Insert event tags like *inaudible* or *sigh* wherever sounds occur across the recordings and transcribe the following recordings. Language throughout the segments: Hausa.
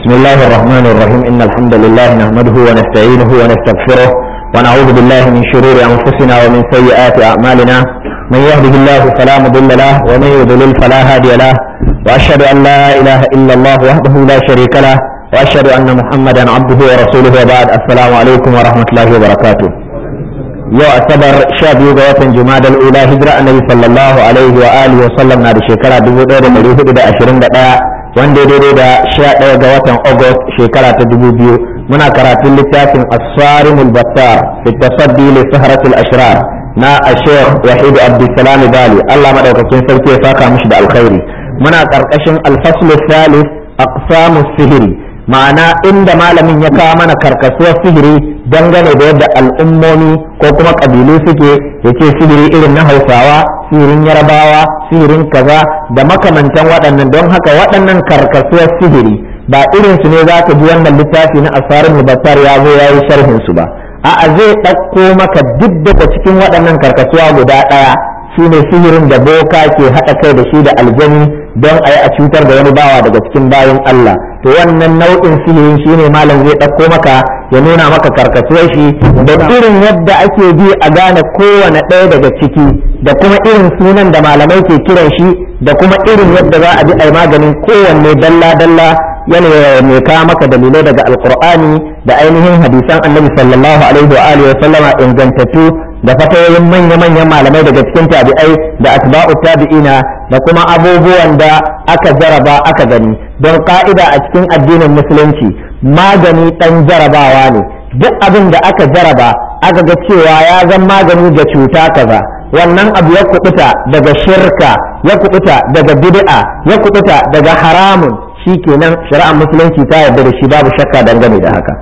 بسم الله الرحمن الرحيم إن الحمد لله نحمده ونستعينه ونستغفره ونعوذ بالله من شرور أنفسنا ومن سيئات أعمالنا من يهده الله فلا مضل له ومن يضلل فلا هادي له وأشهد أن لا إله إلا الله وحده لا شريك له وأشهد أن محمدا عبده ورسوله وبعد السلام عليكم ورحمة الله وبركاته يعتبر شاب يوغوة جماد الأولى هجرة النبي صلى الله عليه وآله وسلم نادي شكرا بوضع مريهد دا أشرين دا wanda daidai da sha ɗaya ga watan August shekara ta dubu biyu muna karatun littafin Asarimul Battar fi tasaddi li saharatul ashrar na Ashir Wahid Abdulsalam Bali Allah madaukakin sarki ya saka mishi da alkhairi muna karkashin al salis thalith aqsamus sihiri ma'ana inda malamin ya kawo mana karkasuwar sihiri dangane da yadda al'ummomi ko kuma kabilu suke ya ce sihiri irin na hausawa sihirin yarabawa sihirin kaza da makamantan waɗannan don haka waɗannan karkasuwar sihiri ba irin su ne za ka ji wannan littafi na asarin mubattar ya zo ya yi sharhin su ba a'a zai ɗauko maka duk daga cikin waɗannan karkasuwa guda ɗaya shine sihirin da boka ke haɗa kai da shi da aljani don a yi a cutar da wani bawa daga cikin bayan Allah to wannan nau'in sihirin shine malam zai ɗauko maka ya nuna maka karkatuwar shi da irin yadda ake bi a gane kowane ɗaya daga ciki da kuma irin sunan da malamai ke kiran shi da kuma irin yadda za a bi a maganin kowanne dalla-dalla yana mai kawo maka dalilai daga alkur'ani da ainihin hadisan annabi sallallahu alaihi wa alihi wa sallama ingantattu da fatayoyin manya-manyan malamai daga cikin tabi'ai da tabi'i tabi'ina da kuma abubuwan da aka jaraba aka gani don ka'ida a cikin addinin musulunci magani ɗan jarabawa ne duk abin da aka jaraba aka ga cewa ya zan magani ga cuta kaza wannan abu ya kubuta daga shirka ya kubuta daga bid'a ya kubuta daga haramun shi shikenan shari'ar musulunci ta yarda da shi babu shakka dangane da haka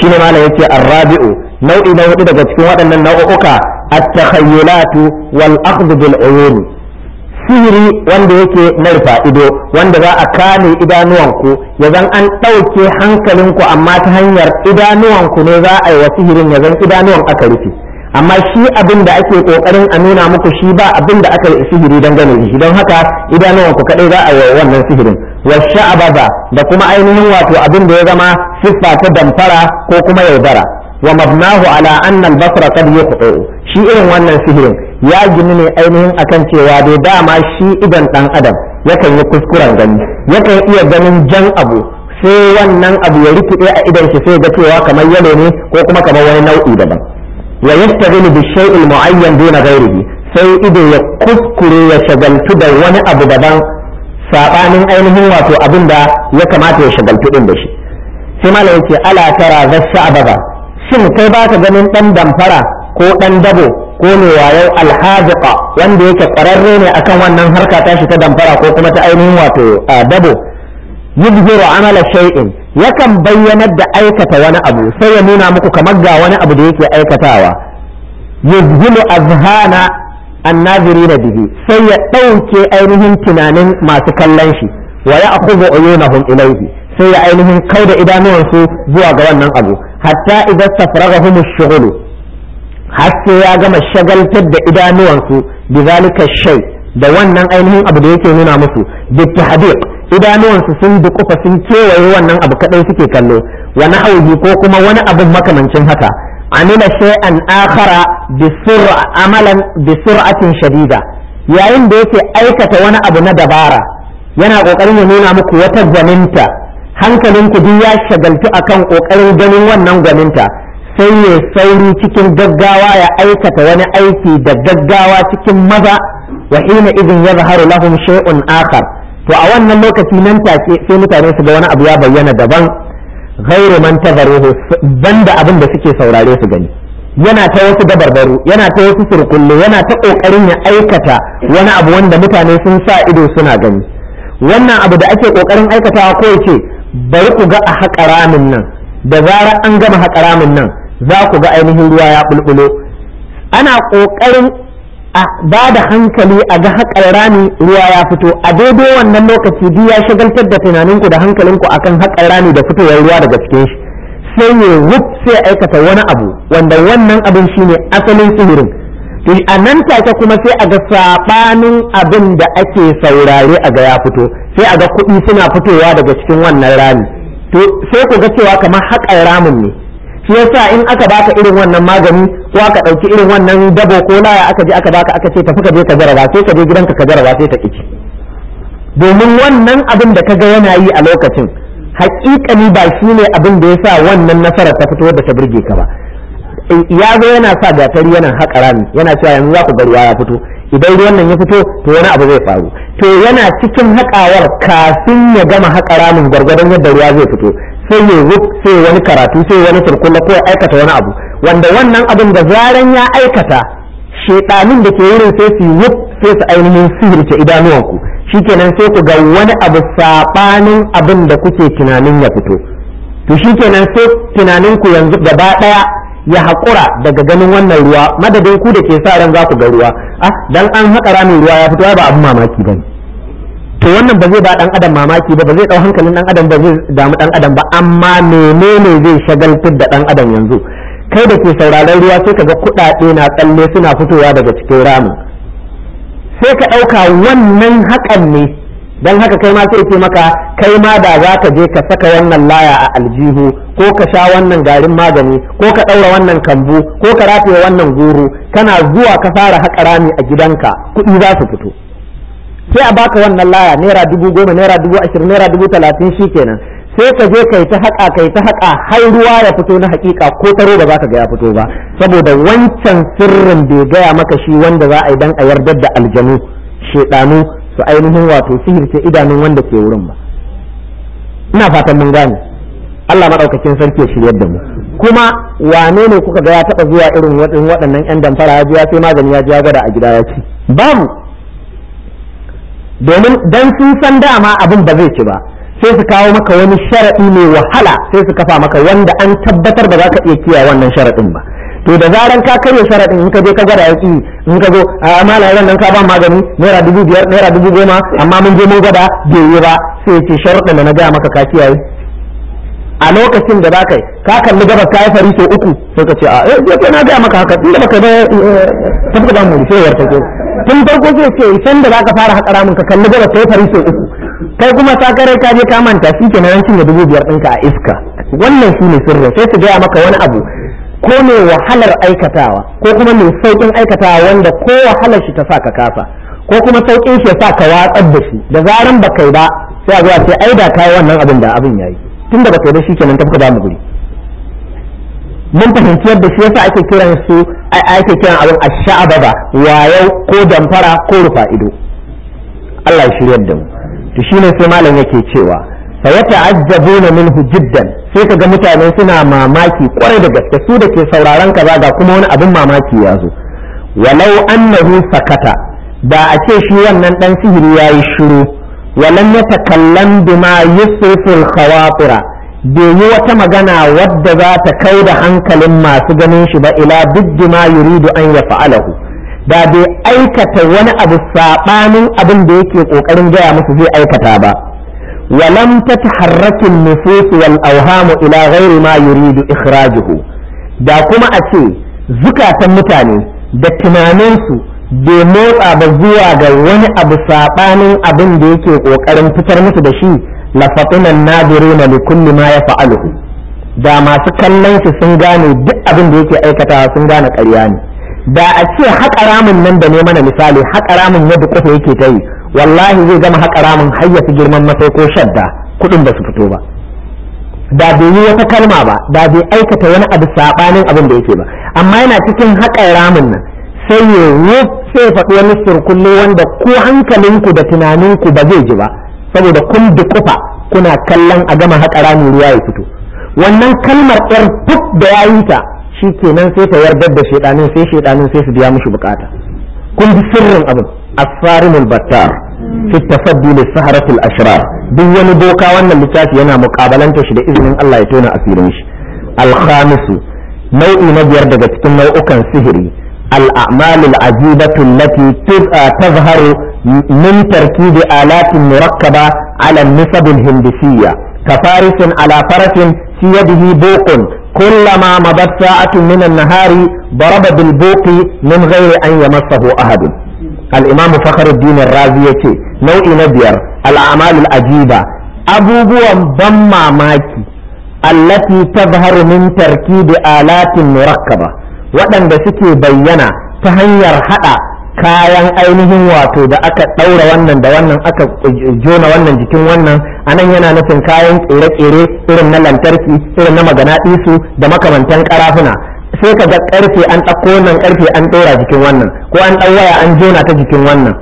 shine malam yace arrabi'u nau'i na hudu daga cikin waɗannan nau'uka at-takhayyulatu wal aqd bil uyun sihiri wanda yake narfa ido wanda za a kame idanuwanku ya zan an ɗauke hankalinku amma ta hanyar idanuwanku ne za a yi wa sihirin ya zan idanuwan aka rufe amma shi abin da ake ƙoƙarin a nuna muku shi ba abin da aka yi sihiri dangane da shi don haka idanuwanku kadai za a yi wannan sihirin wa sha'abaza da kuma ainihin wato abin da ya zama siffa ta damfara ko kuma yaudara wa mabnahu ala anna al-basra qad yuqta shi irin wannan sihirin ya gini ne ainihin akan cewa dai dama shi idan dan adam yakan yi kuskuren gani yakan iya ganin jan abu sai wannan abu ya rikide a idan shi sai ga cewa kamar yalo ne ko kuma kamar wani nau'i daban wa yastaghil bi shay'il mu'ayyan duna ghayrihi sai ido ya kuskure ya shagaltu da wani abu daban sabanin ainihin wato abin da ya kamata ya shagaltu din da shi sai malam yake ala tara zasha'aba shin kai ba ka ganin ɗan damfara ko ɗan dabo ko ne wayau alhaziqa wanda yake ƙwararre ne akan wannan harka ta shi ta damfara ko kuma ta ainihin wato dabo yubhiru amala shay'in yakan bayyanar da aikata wani abu sai ya nuna muku kamar ga wani abu da yake aikatawa yuzhilu azhana annazirina bihi sai ya ɗauke ainihin tunanin masu kallon shi wa ya'khudhu uyunahum ilayhi sai ya ainihin kauda idanuwansu zuwa ga wannan abu hatta idza safragahum ash-shughlu har sai ya gama shagaltar da idanuwansu bi zalika shay da wannan ainihin abu da yake nuna musu bi tahdiq idanuwansu sun duƙufa sun kewaye wannan abu kadai suke kallo wa nahawhi ko kuma wani abu makamancin haka amila shay'an akhara bi sur'a amalan bi sur'atin shadida yayin da yake aikata wani abu na dabara yana kokarin ya nuna muku wata gwaninta hankalinku duk ya shagaltu akan ƙoƙarin ganin wannan gwaninta sai ya sauri cikin gaggawa ya aikata wani aiki da gaggawa cikin maza wa hina idin ya zaharu lahum shay'un akhar to a wannan lokaci nan take sai mutane su ga wani abu ya bayyana daban ghairu man tazaruhu banda abin da suke saurare su gani yana ta wasu dabarbaru yana ta wasu surkulle yana ta kokarin ya aikata wani abu wanda mutane sun sa ido suna gani wannan abu da ake kokarin aikatawa ko ce bari ku ga a haƙa ramin nan da zarar an gama haƙa ramin nan za ku ga ainihin ruwa ya bulbulo ana ƙoƙarin a ba da hankali a ga haƙar rami ruwa ya fito a daidai wannan lokaci duk ya shagaltar da tunaninku da hankalinku akan haƙar rami da fitowar ruwa daga cikin shi sai ya wuce sai aikata wani abu wanda wannan abin shine asalin sihirin Eh, a nan take kuma sai a ga sabanin abin da ake saurare a ga ya fito sai a ga kuɗi suna fitowa daga cikin wannan rami to sai ku ga cewa kamar haƙar ramin ne shi yasa in aka baka irin wannan magani ko aka ɗauki irin wannan dabo ko laya aka je aka baka aka ce tafi ka je ka jaraba, sai ka je gidanka ka jaraba sai ta kici domin wannan abin da ka ga yana yi a lokacin hakikani ba shi ne abin da ya sa wannan nasarar ta fito da ta burge ka ba ya zo yana sa gatari yana haƙa rami yana cewa yanzu za ku ga ya fito idan ruwan nan ya fito to wani abu zai faru to yana cikin haƙawar kafin ya gama haƙa ramin gwargwadon yadda ruwa zai fito sai ya zo sai wani karatu sai wani surkulla ko ya aikata wani abu wanda wannan abin da zaran ya aikata shedanin da ke wurin sai su yi sai su ainihin sihirce idanuwanku shikenan sai ku ga wani abu saɓanin abin da kuke tunanin ya fito to shikenan sai tunaninku yanzu gaba ɗaya. ya haƙura daga ganin wannan ruwa madadin ku da ke sa ran za ku ga ruwa a ah, dan an haƙa ramin ruwa ya fito ba abin mamaki ba to wannan ba zai ba dan adam mamaki ba ba zai dau hankalin dan adam ba zai damu dan adam ba amma menene zai shagaltar da dan adam yanzu kai da ke sauraron ruwa sai ka ga kuɗaɗe na tsalle suna fitowa daga cikin ramin sai ka ɗauka wannan haƙan ne dan haka kai ma sai ce maka kai ma da za ka je ka saka wannan laya a aljihu ko ka sha wannan garin magani ko ka ɗaura wannan kambu ko ka rataye wannan goro kana zuwa ka fara haƙa rami a gidanka kuɗi za su fito sai a baka wannan laya naira dubu goma naira dubu ashirin naira dubu talatin shi kenan sai ka je kai ta haƙa kai ta haƙa har ruwa ya fito na haƙiƙa ko taro da za ka ga ya fito ba saboda wancan sirrin bai gaya maka shi wanda za a yi dan a yardar da aljanu shedanu su ainihin wato ce idanun wanda ke wurin ba ina fatan mun gane Allah madaukakin sarki ya shiryar da mu kuma wane ne kuka ga ya taba zuwa irin waɗannan yan damfara ya ya sai magani ya ji ya gwada a gida ya ci mu, domin dan sun san dama abin ba zai ci ba sai su kawo maka wani sharaɗi mai wahala sai su kafa maka wanda an tabbatar ba za ka iya kiyaye wannan sharaɗin ba to da zaran ka karya sharaɗin in ka je ka ya yaƙi in ka zo a amana ran nan ka ba magani naira dubu biyar naira dubu goma amma mun je mun gada bai yi ba sai ya ce sharuɗin da na gaya maka ka kiyaye a lokacin da za ka yi ka kalli gabas ka yi fari sau uku sai ka ce a eh je na gaya maka haka tun da baka ba eh, eh, tafi da muri sai warta ke tun farko sai ce san da za ka fara haƙa ramin ka kalli gabas ka yi fari sau uku kai kuma ta kare ka je ka manta shi ke na yankin da dubu biyar ɗinka a iska wannan shi ne sirri sai su gaya maka wani abu ko mai wahalar aikatawa ko kuma mai saukin aikatawa wanda ko wahalar shi ta sa ka kasa ko kuma saukin shi ya sa ka watsar da shi da zaran ba kai ba sai a zuwa sai ai da kai wannan abin da abin yayi tun da ba kai da shi kenan tafka ba mu guri mun fahimci yadda shi yasa ake kiran su ake kiran abin ash-sha'aba wayau ko damfara ko rufa ido Allah ya shiryar da mu to shine sai malam yake cewa fa yata'ajjabuna minhu jiddan sai ga mutane suna mamaki kwarai da gaske su da ke sauraron kaza ga kuma wani abin mamaki ya zo walau annahu sakata da a ce shi wannan dan sihiri yayi shiru walam yatakallam bima yusriful khawatira bai yi wata magana wadda za ta kai da hankalin masu ganin shi ba ila duk ma yuridu an ya fa'alahu da bai aikata wani abu saɓanin abin da yake ƙoƙarin gaya musu zai aikata ba ولم تتحرك النفوس auhamu ila غير ما يريد إخراجه da kuma a ce zukatan mutane da tunaninsu da motsa ba zuwa ga wani abu saɓanin abin da yake ƙoƙarin fitar musu da shi lafatunan nadiruna li kulli ma ya da masu kallon shi sun gane duk abin da yake aikatawa sun gane ƙarya ne da a ce haƙa nan da ne mana misali haƙa ramin yadda kofa yake ta yi wallahi zai gama haƙa ramin hayyafi girman matsayi ko shadda kuɗin ba su fito ba da bai yi wata kalma ba da bai aikata wani abu saɓanin abin da yake ba amma yana cikin haƙa ramin nan sai ya wuf sai faɗi wani surkullo wanda ko hankalinku da tunaninku ba zai ji ba saboda kun dukufa kuna kallon a gama haƙa ramin ruwa ya fito wannan kalmar ɗar duk da ya yi ta shi kenan sai ta yardar da shaiɗanin sai shaiɗanin sai su biya mishi bukata kun bi sirrin abin asarimul battar fi tafaddi lis saharatul ashrar duk wani boka wannan littafi yana mukabalanta shi da izinin Allah ya tona asirin shi al khamisu nau'i na biyar daga cikin nau'ukan sihiri al a'malul ajibatu allati tazharu min tarkibi alatin murakkaba ala nisab al hindisiyya كفارس على فرس في يده بوق كلما مضت ساعة من النهار ضرب بالبوق من غير أن يمسه أحد al-imamu fakhruddin razi ce nau'i na biyar al'amalul ajiba abubuwan ban mamaki allati tazharu min da alatin murakkaba waɗanda suke bayyana ta hanyar haɗa kayan ainihin wato da aka ɗaura wannan da wannan aka jona wannan jikin wannan nan yana nufin kayan tsere-tsere irin na lantarki irin na maganaɗisu da makamantan ƙarafuna sai ka ga karfe an ɗauko nan karfe an ɗora jikin wannan ko an ɗau waya an jona ta jikin wannan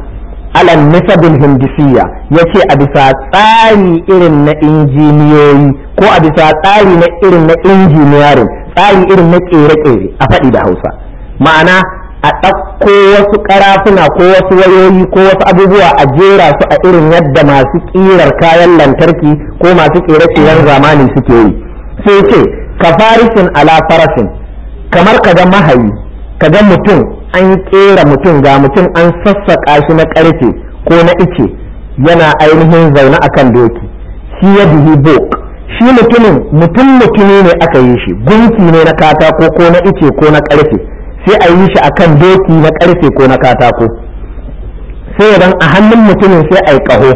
alan nisabin hindisiya ya ce a bisa tsari irin na injiniyoyi ko a bisa tsari na irin na injiniyarin tsari irin na ƙere-ƙere a faɗi da hausa ma'ana a ɗauko wasu ƙarafuna ko wasu wayoyi ko wasu abubuwa a jera su a irin yadda masu ƙirar kayan lantarki ko masu ƙere-ƙeren zamani suke yi sai ce ka farisin ala farasin kamar ka ga mahayi ka ga mutum an kera mutum ga mutum an sassaƙa shi na ƙarfe ko na ice yana ainihin zaune akan doki shi ya bihi bok shi mutumin mutum mutumi ne aka yi shi gunki ne na katako ko na ice ko na ƙarfe sai a yi shi akan doki na ƙarfe ko na katako sai idan a hannun mutumin sai a yi ƙaho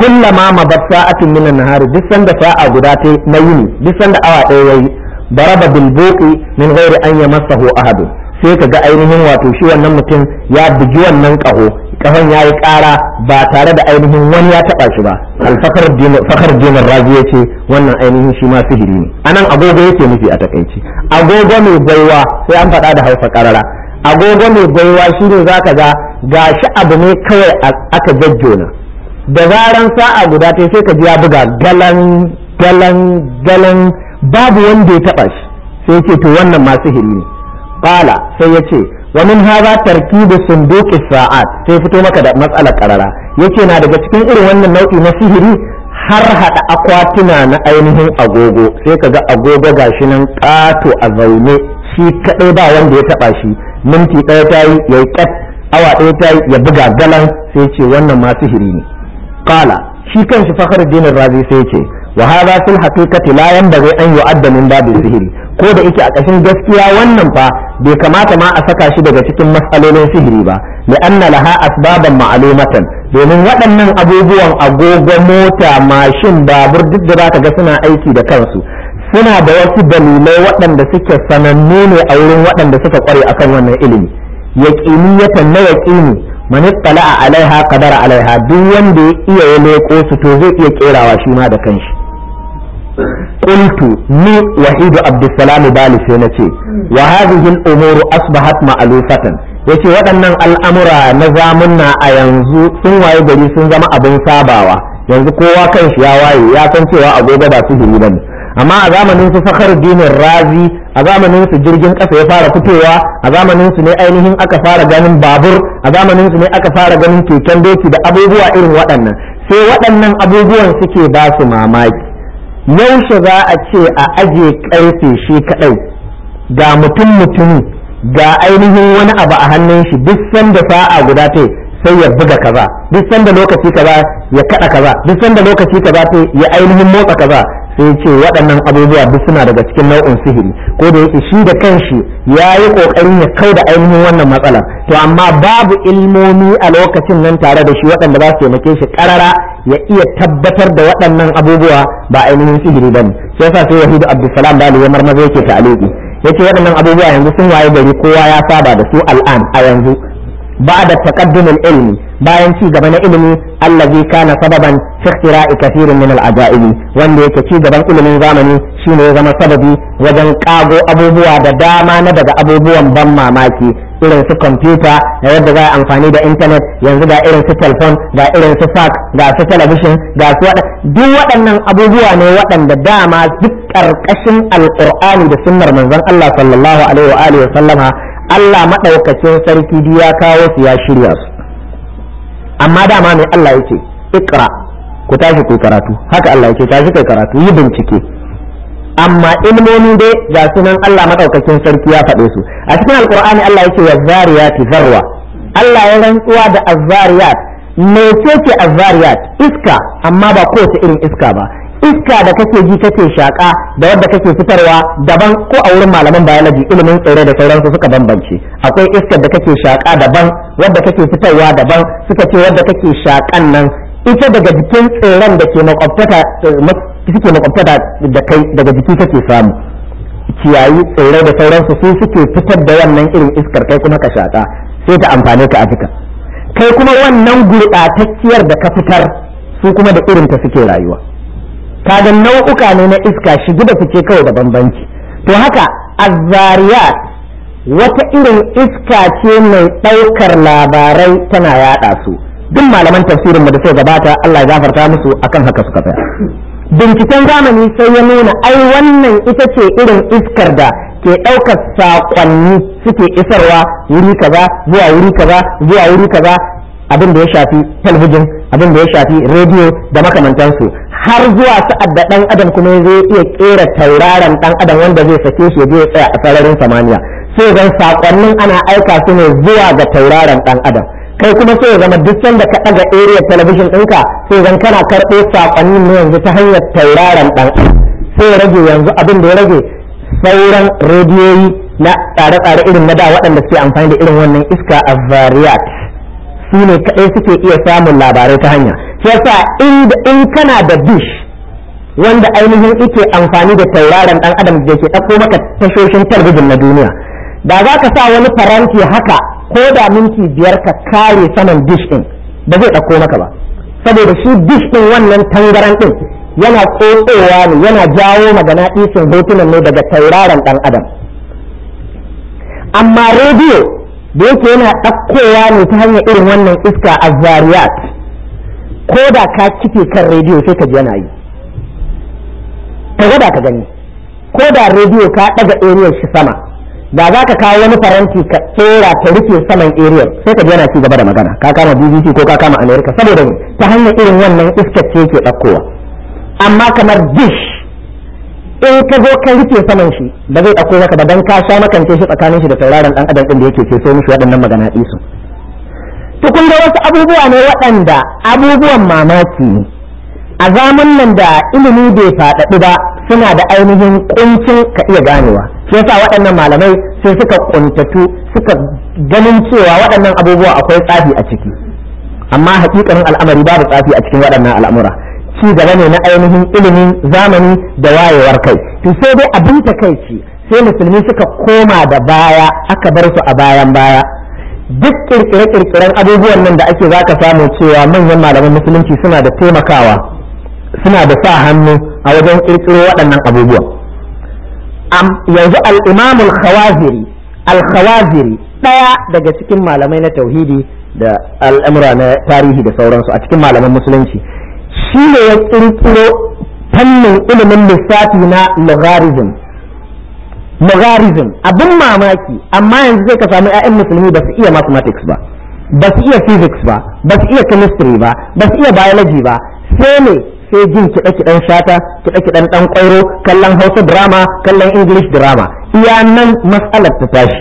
kullama mabat sa'atin minan nahari duk sanda sa'a guda ta na yini duk sanda awa ɗaya yayi baraba bilboki min ghairi an yamassahu ahad sai ka ga ainihin wato shi wannan mutum ya bugi wannan kaho kahon ya yi ƙara ba tare da ainihin wani ya taba shi ba alfakar dinar razi ya ce wannan ainihin shi ma sihiri ne anan agogo yake nufi a takaici agogo mai baiwa sai an faɗa da hausa karara agogo mai baiwa shi ne za ka ga ga shi abu ne kawai aka jajjona da zaran sa'a guda ta sai ka ji ya buga galan galan galan babu wanda ya taba shi sai yake to wannan ma sihiri ne qala sai yace wa min hadha tarkibu sunduq sa'at sai fito maka da matsalar karara yace na daga cikin irin wannan nau'i na sihiri har hada akwatuna na ainihin agogo sai kaga agogo gashi nan kato a zaune shi kadai ba wanda ya taba shi minti daya tayi yayi kat awa daya tayi ya buga galan sai yace wannan ma sihiri ne qala shi kanshi fakhruddin razi sai yace wa hadha fil haqiqati la yanbaghi an yu'adda min babu sihiri ko da yake a kashin gaskiya wannan fa bai kamata ma a saka shi daga cikin matsalolin sihiri ba anna laha asbaban ma'lumatan domin waɗannan abubuwan agogo mota mashin babur duk da zaka ga suna aiki da kansu suna da wasu dalilai waɗanda suke sanannu ne a wurin waɗanda suka kware akan wannan ilimi ya na yaqini man ittala'a alaiha qadara alaiha duk wanda ya iya leko su to zai iya kerawa shi ma da kanshi qultu ni wahidu abdussalam bali sai na ce hadhihi al-umuru asbahat ma'lufatan yace waɗannan al'amura na zamunna a yanzu sun waye gari sun zama abin sabawa yanzu kowa kan shi ya waye ya san cewa agogo ba su ba ne amma a zamanin su fakar dinin razi a zamanin su jirgin ƙasa ya fara fitowa a zamanin su ne ainihin aka fara ganin babur a zamanin su ne aka fara ganin keken doki da abubuwa irin waɗannan sai waɗannan abubuwan suke ba su mamaki yaushe za a ce a aje karfe shi kadai ga mutum mutumi ga ainihin wani abu a hannun shi duk sanda sa'a guda ta sai ya buga kaza duk sanda lokaci kaza ya kada kaza duk sanda lokaci kaza ta ya ainihin motsa kaza sai ce waɗannan abubuwa duk suna daga cikin nau'in sihiri ko da yake shi da kanshi ya yi ƙoƙarin ya kau da ainihin wannan matsalar to amma babu ilmomi a lokacin nan tare da shi waɗanda za su taimake shi ƙarara ya iya tabbatar da waɗannan abubuwa ba ainihin sihiri ne shi yasa sai wahidu abdulsalam da ya marmaza yake ta'aliki ce waɗannan abubuwa yanzu sun waye gari kowa ya saba da su al'an a yanzu ba da takaddumin ilmi bayan ci gaba na ilimi allazi kana sababan fi ikhtira'i kathirin min al-ajaibi wanda yake ci gaban ilimin zamani shine ya zama sababi wajen kago abubuwa da dama na daga abubuwan ban mamaki irin su kwamfuta da yadda za a amfani da intanet yanzu ga irin su telefon ga irin su fax ga su talabishin ga su duk waɗannan abubuwa ne waɗanda dama duk ƙarƙashin alƙur'ani da sunnar manzon Allah sallallahu alaihi wa alihi wa sallama Allah madaukakin sarki ya kawo su ya shirya su amma dama mai Allah yake ikra ku tashi ku karatu haka Allah yake tashi kai karatu yi bincike amma ilmomi dai ga sunan Allah madaukakin sarki ya faɗe su a cikin alqur'ani Allah yake wa zariyat zarwa Allah ya rantsuwa da azzariyat mece ce azzariyat iska amma ba kowace irin iska ba iska da kake ji kake shaƙa da wadda kake fitarwa daban ko a wurin malaman biology ilimin tsirrai da sauransu suka bambance akwai iskar da kake shaka daban wadda kake fitarwa daban suka ce wadda kake shakan nan ita daga jikin tsirran da ke makwabtata da kai daga jiki kake samu ciyayi tsirrai da sauransu su suke fitar da wannan irin iskar kai kuma ka shaka sai ta amfane ka a jika kai kuma wannan gurɓatacciyar da ka fitar su kuma da irin ta suke rayuwa kaga nau'uka ne na iska shi da fice kawai da bambanci to haka azzariyat wata irin iska ce mai ɗaukar labarai tana yaɗa su duk malaman tafsirin da suka gabata Allah ya gafarta musu akan haka suka tsaya binciken zamani sai ya nuna ai wannan ita ce irin iskar da ke ɗaukar saƙonni suke isarwa wuri kaza zuwa wuri kaza zuwa wuri kaza abin da ya shafi talbijin abin da ya shafi rediyo da makamantansu har zuwa sa'ad da ɗan adam kuma zai iya kera tauraron ɗan adam wanda zai sake shi zai tsaya a sararin samaniya sai zan sakonnin ana aika su ne zuwa ga tauraron dan adam kai kuma sai zama duk sanda ka daga area television ɗinka sai zan kana karɓo sakonnin ne yanzu ta hanyar tauraron dan adam sai rage yanzu abin da ya rage sauran rediyoyi na tsare-tsare irin na da waɗanda suke amfani da irin wannan iska a variat su ne kaɗai suke iya samun labarai ta hanya shi yasa in kana da dish wanda ainihin ike amfani da tauraron ɗan adam da ke ɗauko maka tashoshin talabijin na duniya da za ka sa wani faranti haka ko da minti biyar ka kare saman dish ɗin ba zai ɗauko maka ba saboda shi dish ɗin wannan tangaran ɗin yana ƙoƙowa ne yana jawo magana ɗisin hotunan ne daga tauraron ɗan adam amma rediyo da yake yana ɗakkowa ne ta hanyar irin wannan iska a zariyat ko da ka kife kan rediyo sai ka ji yana yi ka da ka gani ko da rediyo ka ɗaga eriyar shi sama da za ka kawo wani faranti ka tsora ta rufe saman eriyar sai ka ji yana ci gaba da magana ka kama bbc ko ka kama america saboda ta hanyar irin wannan iska ce ke ɗakkowa amma kamar dish in ka zo ka rike saman shi ba zai ɗauko maka ba dan ka sha makance shi tsakanin shi da sauraron ɗan adam ɗin da yake ceto mushi waɗannan magana ɗisu to wasu abubuwa ne waɗanda abubuwan mamaki ne a zaman nan da ilimi bai faɗaɗu ba suna da ainihin ƙuncin ka iya ganewa shi yasa waɗannan malamai sai suka ƙuntatu suka ganin cewa waɗannan abubuwa akwai tsafi a ciki amma hakikanin al'amari babu tsafi a cikin waɗannan al'amura ci gaba ne na ainihin ilimin zamani da wayewar kai to sai dai abin takaici sai musulmi suka koma da baya aka bar su a bayan baya duk kirkire-kirkiren abubuwan nan da ake za ka samu cewa manyan malaman musulunci suna da taimakawa suna da sa hannu a wajen kirkiro waɗannan abubuwan yanzu al'imamul khawaziri al-khawaziri ɗaya daga cikin malamai na tauhidi da al'amura na tarihi da sauransu a cikin malaman musulunci shi ne ya ƙirƙiro fannin ilimin lissafi na logarithm logarithm abin mamaki amma yanzu sai ka samu 'ya'yan musulmi ba su iya mathematics ba ba su iya physics ba ba su iya chemistry ba ba su iya biology ba sai ne sai jin kiɗe kiɗan shata kiɗe kiɗan ɗan ƙwairo kallon hausa drama kallon english drama iya nan matsalar ta tashi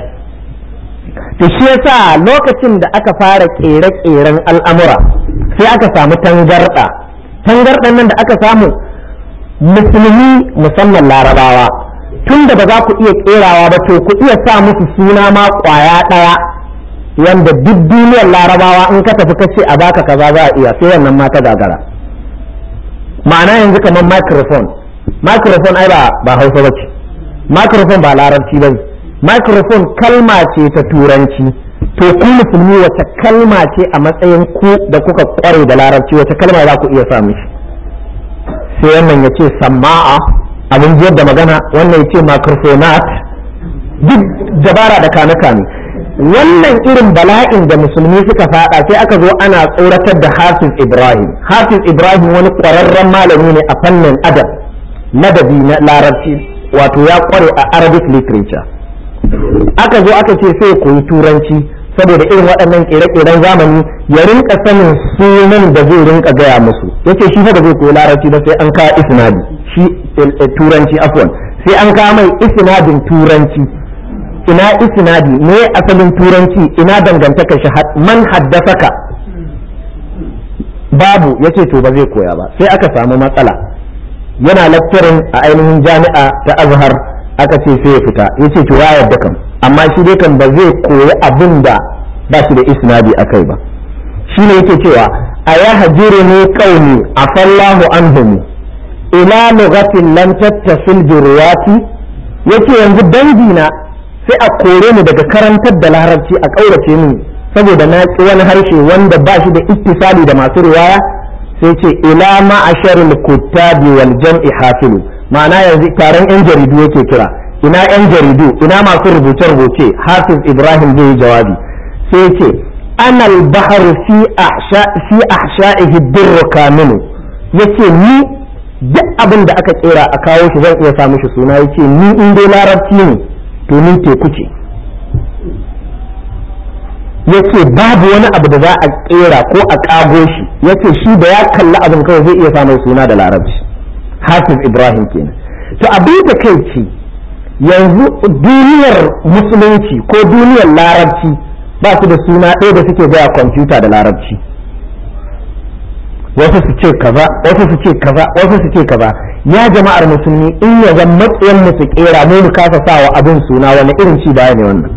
to shi yasa lokacin da aka fara ƙere-ƙeren al'amura sai aka samu tangarɗa tangarɗan nan da aka samu musulmi musamman larabawa tun da ba za ku iya ƙerawa ba to ku iya sa musu suna ma ƙwaya ɗaya wanda duk duniyar larabawa in ka tafi kace a baka kaza za a iya sai wannan ma ta gagara ma'ana yanzu kamar microphone microphone ai ba ba hausa ba ce microphone ba larabci ba microphone kalma ce ta turanci to ku musulmi wata kalma ce a matsayin ku da kuka kware da larabci wata kalma za ku iya samu shi. sai wannan ya ce sama'a abin jiyar da magana wannan ya ce microphonat duk dabara da kame-kame wannan irin bala'in da musulmi suka fada sai aka zo ana tsoratar da hafiz ibrahim hafiz ibrahim wani kwararren malami ne a fannin adab ladabi na larabci wato ya kware a arabic literature aka zo aka ce sai koyi turanci saboda irin waɗannan ƙere-ƙeren zamani ya rinka sanin sunan da zai rinka gaya musu yace shi fa ba zai koyi larabci ba sai an kawo isnadi shi eh, eh, turanci afwan sai an kawo mai isnadin turanci ina isnadi me asalin turanci ina dangantaka shi man haddasaka babu yace to ba zai koya ba sai aka samu matsala yana lecturing a ainihin jami'a ta Azhar aka ce sai ya fita ya ce ya yarda kan amma shi dai kan ba zai koyi abin da ba shi da isnadi a kai ba shi ne yake cewa a ya hajire ne kauni a fallahu anhum ila lughatin lam tattasil bi Ya yace yanzu dangina sai a kore ni daga karantar da larabci a ƙaurace ni saboda na ki wani harshe wanda ba shi da ittisali da masu riwaya sai ce ila ma'asharin kuttabi wal jam'i hafilu ma'ana yanzu taron yan jaridu yake kira ina yan jaridu ina masu rubuce-rubuce hafiz ibrahim zai yi jawabi sai ce anal bahar fi ahsha'ihi birru kaminu yace ni duk abin da aka tsera a kawo shi zan iya samu shi suna yace ni in larabci ne to ni teku ce yace babu wani abu da za a tsera ko a kago shi yace shi da ya kalli abin kawai zai iya samun suna da larabci hafiz ibrahim kenan to abin da kai ce yanzu duniyar musulunci ko duniyar larabci ba su da suna ɗaya da suke gaya kwamfuta da larabci wasu su ce kaza wasu su ce kaza wasu su ce kaza ya jama'ar musulmi in ya zan matsayin mu su kera mu mu kasa sawa abin suna wani irin ci baya ne wannan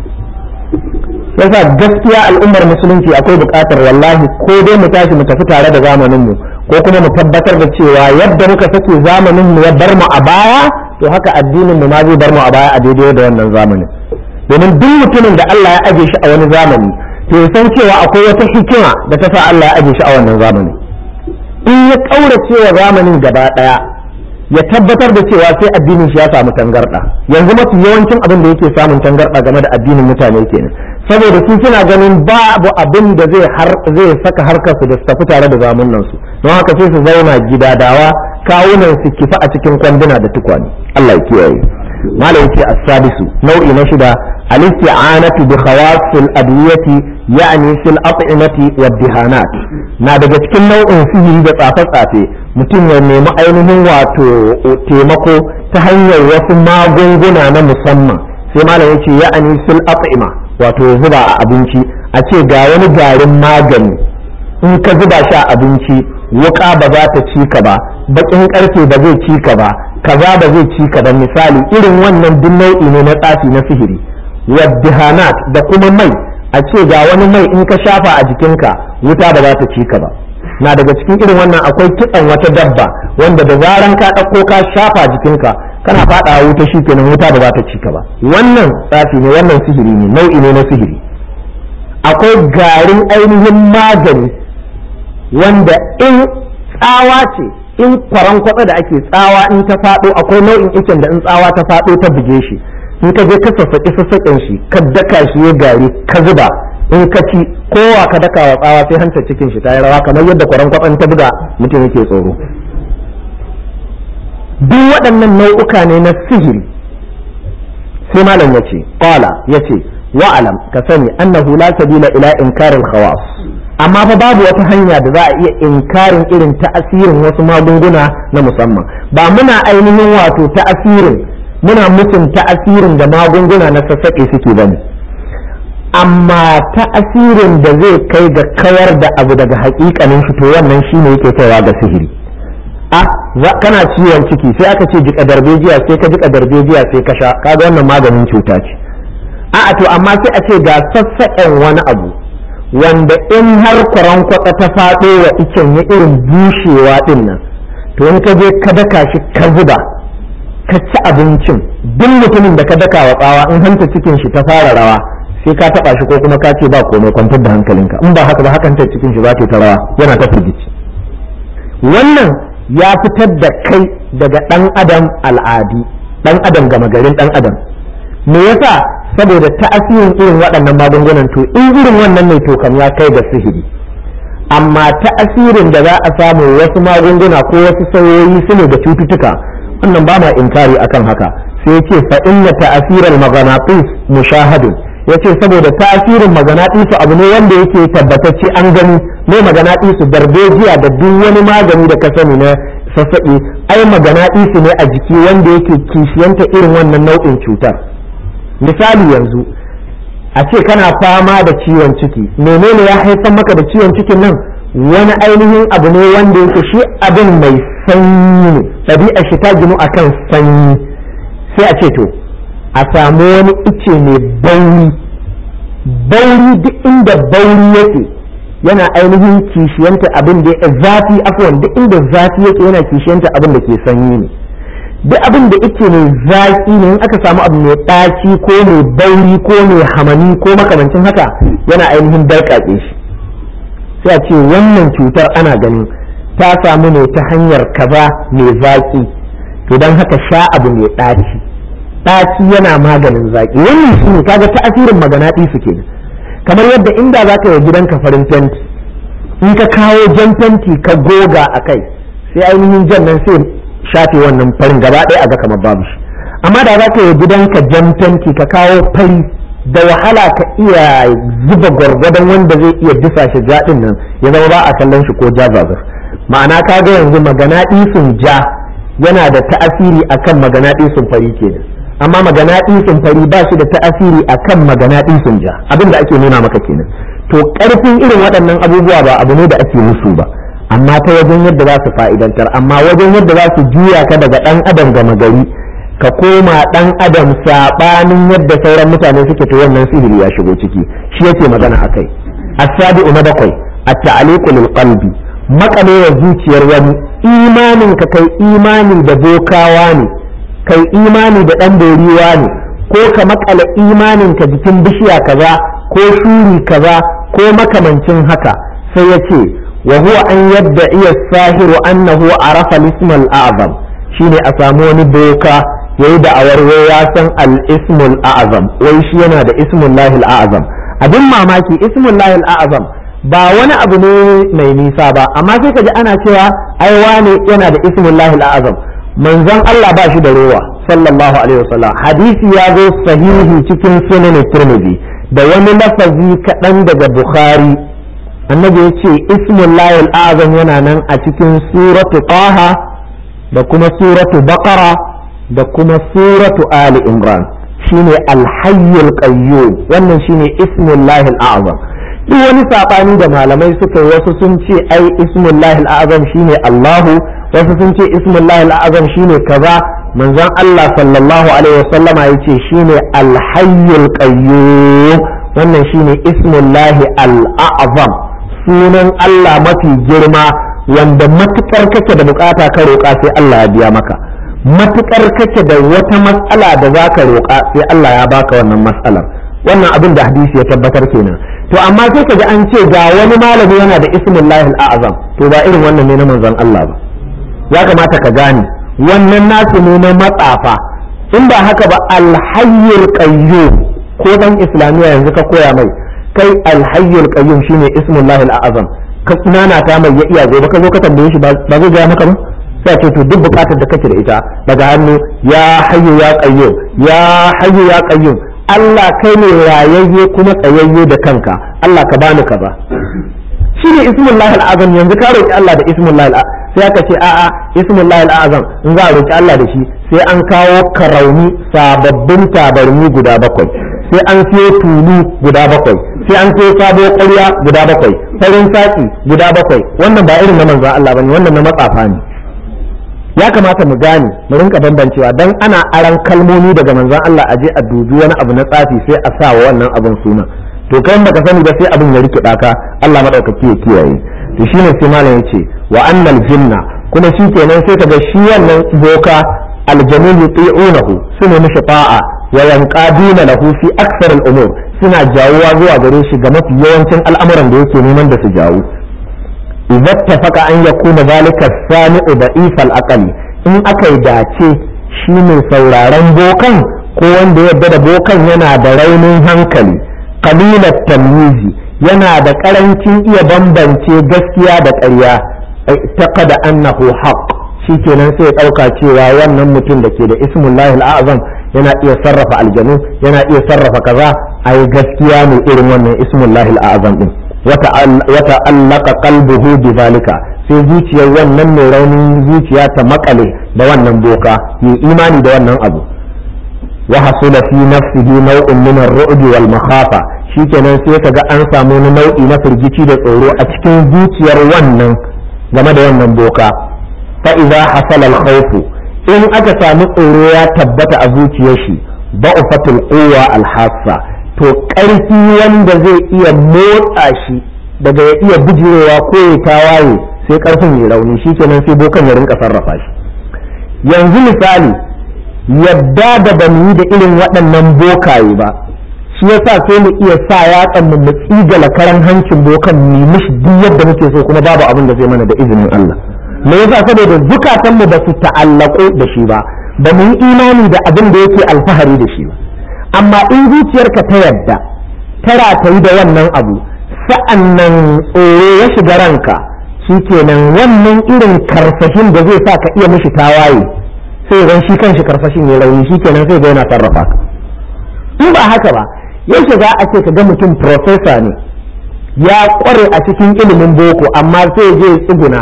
yasa gaskiya al'ummar musulunci akwai bukatar wallahi ko dai mu tashi mu tafi tare da zamanin mu ko kuma mu tabbatar da cewa yadda muka sake zamanin mu ya bar mu a baya to haka addinin mu ma zai bar mu a baya a daidai da wannan zamanin domin duk mutumin da Allah ya aje shi a wani zamani to ya san cewa akwai wata hikima da ta sa Allah ya aje shi a wannan zamani in ya kaurace wa zamanin gaba daya ya tabbatar da cewa sai addinin shi ya samu tangarda yanzu mafi yawancin abin da yake samun tangarda game da addinin mutane kenan saboda su suna ganin babu abin da zai zai saka harkar su da su tafi tare da zamunan su don haka sai su zauna gidadawa kawunan su kifa a cikin kwanduna da tukwane Allah ya kiyaye malam ce as-sadisu nau'i na shida al-isti'anatu bi khawasil adwiyati ya'ni fil at'imati wad dihanat na daga cikin nau'in sihiri da tsafe-tsafe mutum ya nemi ainihin wato taimako ta hanyar wasu magunguna na musamman sai malam yace ya'ani fil at'ima wato zuba a abinci a ce ga wani garin magani in ka zuba shi a abinci wuka ba za ta ci ka ba bakin karfe ba zai ci ka ba kaza ba zai ci ka ba misali irin wannan duk nau'i ne na tsafi na sihiri waddihanat da kuma mai a ce ga wani mai in ka shafa a jikinka wuta ba za ta ci ka ba na daga cikin irin wannan akwai kitsan wata dabba wanda da zaran ka ɗauko ka shafa jikinka kana fada wuta shi kenan wuta ba za ta ci ka ba wannan tsafi ne wannan sihiri ne nau'i ne na sihiri akwai garin ainihin magani wanda in tsawa ce in kwaran kwatsa da ake tsawa in ta faɗo akwai nau'in ikin da in tsawa ta faɗo ta buge shi in ka je ka sassaƙi sassaƙin shi ka daka shi ya gari ka zuba in ka ci kowa ka daka wa tsawa sai hantar cikin shi ta yi rawa kamar yadda kwaran kwatsan ta buga mutum yake tsoro duk waɗannan nau'uka ne na sihiri sai malam ya ce qala ya ce wa'alam ka sani annahu la sabila ila inkarin khawas amma fa babu wata hanya da za a iya inkarin irin ta'asirin wasu magunguna na musamman ba muna ainihin wato ta'asirin muna mutum ta'asirin da magunguna na sassaƙe suke bane amma ta'asirin da zai kai ga kawar da abu daga haƙiƙanin shi to wannan shine yake kaiwa ga sihiri a kana ciwon ciki sai aka ce jika darbejiya sai ka jika darbejiya sai ka sha kaga wannan maganin cuta ce a'a to amma sai a ce ga sassaƙen wani abu wanda in har kwarankwata ta faɗo wa ikin ya irin bushewa ɗin nan to in ka je ka daka shi ka zuba ka ci abincin duk mutumin da ka daka wa tsawa in hanta cikin shi ta fara rawa sai ka taɓa shi ko kuma ka ce ba komai kwantar da hankalinka in ba haka ba hakan ta cikin shi yi ta rawa yana ta firgici wannan ya fitar da kai daga ɗan adam al'adi ɗan adam gama garin ɗan adam me yasa saboda ta'asirin irin waɗannan magungunan to in irin wannan mai to kam ya kai ga sihiri amma ta'asirin da za a samu wasu magunguna ko wasu sauyoyi su ne da cututtuka wannan ba ma inkari akan haka sai ya yace fa inna ta'asiral maghanatis Ya ce saboda ta'asirin su abu ne wanda yake tabbatacce an gani ne magana isu darbejiya da duk wani magani da ka sani na sassaɓi ai magana isu ne a jiki wanda yake kishiyanta irin wannan nau'in cutar misali yanzu a ce kana fama da ciwon ciki menene ya haifar maka da ciwon cikin nan wani ainihin abu ne wanda yake shi abin mai sanyi ne ɗabi'a shi ta ginu akan sanyi sai a ce to a samu wani ice mai bauri bauri duk inda bauri yake yana ainihin kishiyanta abin da zafi afuwan duk inda zafi yake yana kishiyanta abin da ke sanyi ne duk abin da yake mai zaki ne in aka samu abu mai ɗaci ko mai bauri ko mai hamani ko makamancin haka yana ainihin darƙaƙe shi sai a ce wannan cutar ana ganin ta samu ne ta hanyar kaza mai zaki to don haka sha abu mai ɗaci ɗaci yana maganin zaki wannan shi ne kaga ta asirin magana su kenan kamar yadda inda za ka yi gidanka farin fenti in ka kawo jan fenti ka goga a kai sai ainihin jan nan sai shafe wannan farin gaba ɗaya a ga kamar babu shi amma da za ka yi gidanka jan fenti ka kawo fari da wahala ka iya zuba gwargwadon wanda zai iya disa shi ja nan ya zama ba a kallon shi ko ja zazar ma'ana ka ga yanzu magana ɗisin ja yana da ta'asiri akan magana ɗisin fari kenan amma magana ɗinkin fari ba shi da ta'asiri akan magana ɗinkin ja abin da ake nuna maka kenan to ƙarfin irin waɗannan abubuwa ba abu ne da ake musu ba amma ta wajen yadda za su fa'idantar amma wajen yadda za su juya ka daga ɗan adam gama gari ka koma ɗan adam saɓanin yadda sauran mutane suke ta wannan sihiri ya shigo ciki shi yake magana a kai asabi na bakwai a ta'aliku lil qalbi zuciyar wani imanin ka kai imani da bokawa ne kai imani da ɗan doriwa ne ko ka makala imanin ka jikin bishiya kaza ko shuri kaza ko makamancin haka sai ya ce wa huwa an yadda iya sahiru annahu rafa lismal azam shine a samu wani boka yayi da awarwa ya san al ismul azam wai shi yana da ismul lahil azam abin mamaki ismul lahil azam ba wani abu ne mai nisa ba amma sai ka ji ana cewa ai wane yana da ismul lahil azam manzon Allah ba shi da rowa sallallahu alaihi wasallam hadisi ya zo sahihi cikin sunan Tirmidhi da wani lafazi kaɗan daga Bukhari annabi yace ce ismullahi azam yana nan a cikin suratu taha da kuma suratu baqara da kuma suratu ali imran shine alhayyul qayyum wannan shine ismullahi azam duk wani sabani da malamai suka wasu sun ce ai ismullahi azam shine Allahu wasu sun ce ismullahi al'azam shine kaza manzon Allah sallallahu alaihi ya ce shine alhayyul qayyum wannan shine ismullahi al'azam sunan Allah mafi girma wanda matukar kake da bukata ka roƙa sai Allah ya biya maka matukar kake da wata matsala da zaka roƙa sai Allah ya baka wannan matsalar wannan abin da hadisi ya tabbatar kenan to amma sai ka an ce ga wani malami yana da ismullahi al'azam to ba irin wannan ne na manzon Allah ba ya kamata ka gane wannan nasu ne na matsafa in ba haka ba alhayyar qayyum ko dan islamiya yanzu ka koya mai kai alhayyar qayyum shine ismullahi alazam ka nana ta mai ya iya gobe ka zo ka tambaye shi ba zai ga maka ba sai ce to duk bukatar da kake da ita daga hannu ya hayyu ya qayyum ya hayyu ya qayyum Allah kai ne rayayye kuma tsayayye da kanka Allah ka bani ka ba. shine ismullahi alazam yanzu ka roki Allah da ismullahi alazam sai aka ce a'a ismullahi al'azam in za a roki Allah da shi sai an kawo karauni sababbin tabarmi guda bakwai sai an siyo tulu guda bakwai sai an siyo sabo ƙarya guda bakwai farin saki guda bakwai wannan ba irin na manzon Allah bane wannan na matsafa ne ya kamata mu gane mu rinka bambancewa dan ana aran kalmomi daga manzon Allah aje a dubi wani abu na tsafi sai a sa wa wannan abin suna to kai baka sani ba sai abin ya rike ka Allah madaukaki ya kiyaye to shine sai malam ce. wa annal jinna kuma shi kenan sai kaga shi wannan boka aljanu yuti'unahu suna mishi ta'a wa yanqaduna lahu fi akthar al-umur suna jawuwa zuwa gare shi ga mafi yawancin al'amuran da yake neman da su jawo idza tafaka an yakuna zalika sami'u da'if al-aqli in aka dace shi mai sauraron bokan ko wanda yadda da bokan yana da raunin hankali kalilat tamyizi yana da karancin iya bambance gaskiya da ƙarya taqada annahu shi kenan sai ya dauka cewa wannan mutum da ke da ismullahi al'azam yana iya sarrafa aljanu yana iya sarrafa kaza ai gaskiya ne irin wannan ismullahi al'azam din wata allaka qalbuhu bi zalika sai zuciyar wannan mai raunin zuciya ta makale da wannan boka yi imani da wannan abu wa hasula fi nafsihi naw'un min ar-ru'bi wal makhafa shikenan sai kaga an samu nau'i na firgici da tsoro a cikin zuciyar wannan game da wannan boka fa idza hasala al khawf in aka samu tsoro ya tabbata a zuciyar shi da'ufatul quwwa al hassa to ƙarfi wanda zai iya motsa shi daga ya iya bijirewa ko ya tawaye sai ƙarfin ya rauni shikenan sai bokan ya rinka sarrafa shi yanzu misali yadda da ban yi da irin waɗannan bokaye ba shi yasa sai mu iya sa yatsan mu mu tsigala karan hancin bokan mu mishi duk yadda muke so kuma babu abin da zai mana da izinin Allah me yasa saboda zukatan mu ba su ta'allako da shi ba ba mu yi imani da abin da yake alfahari da shi ba amma in zuciyarka ta yadda tara ta yi da wannan abu sa'an nan tsoro ya shiga ranka shi kenan wannan irin karfashin da zai sa ka iya mishi tawaye sai ran shi kanshi karfashin ya rauni shi kenan sai ga yana sarrafa ka in ba haka ba yake za a ce ka ga mutum profesa ne ya kware a cikin ilimin boko amma sai je tsuguna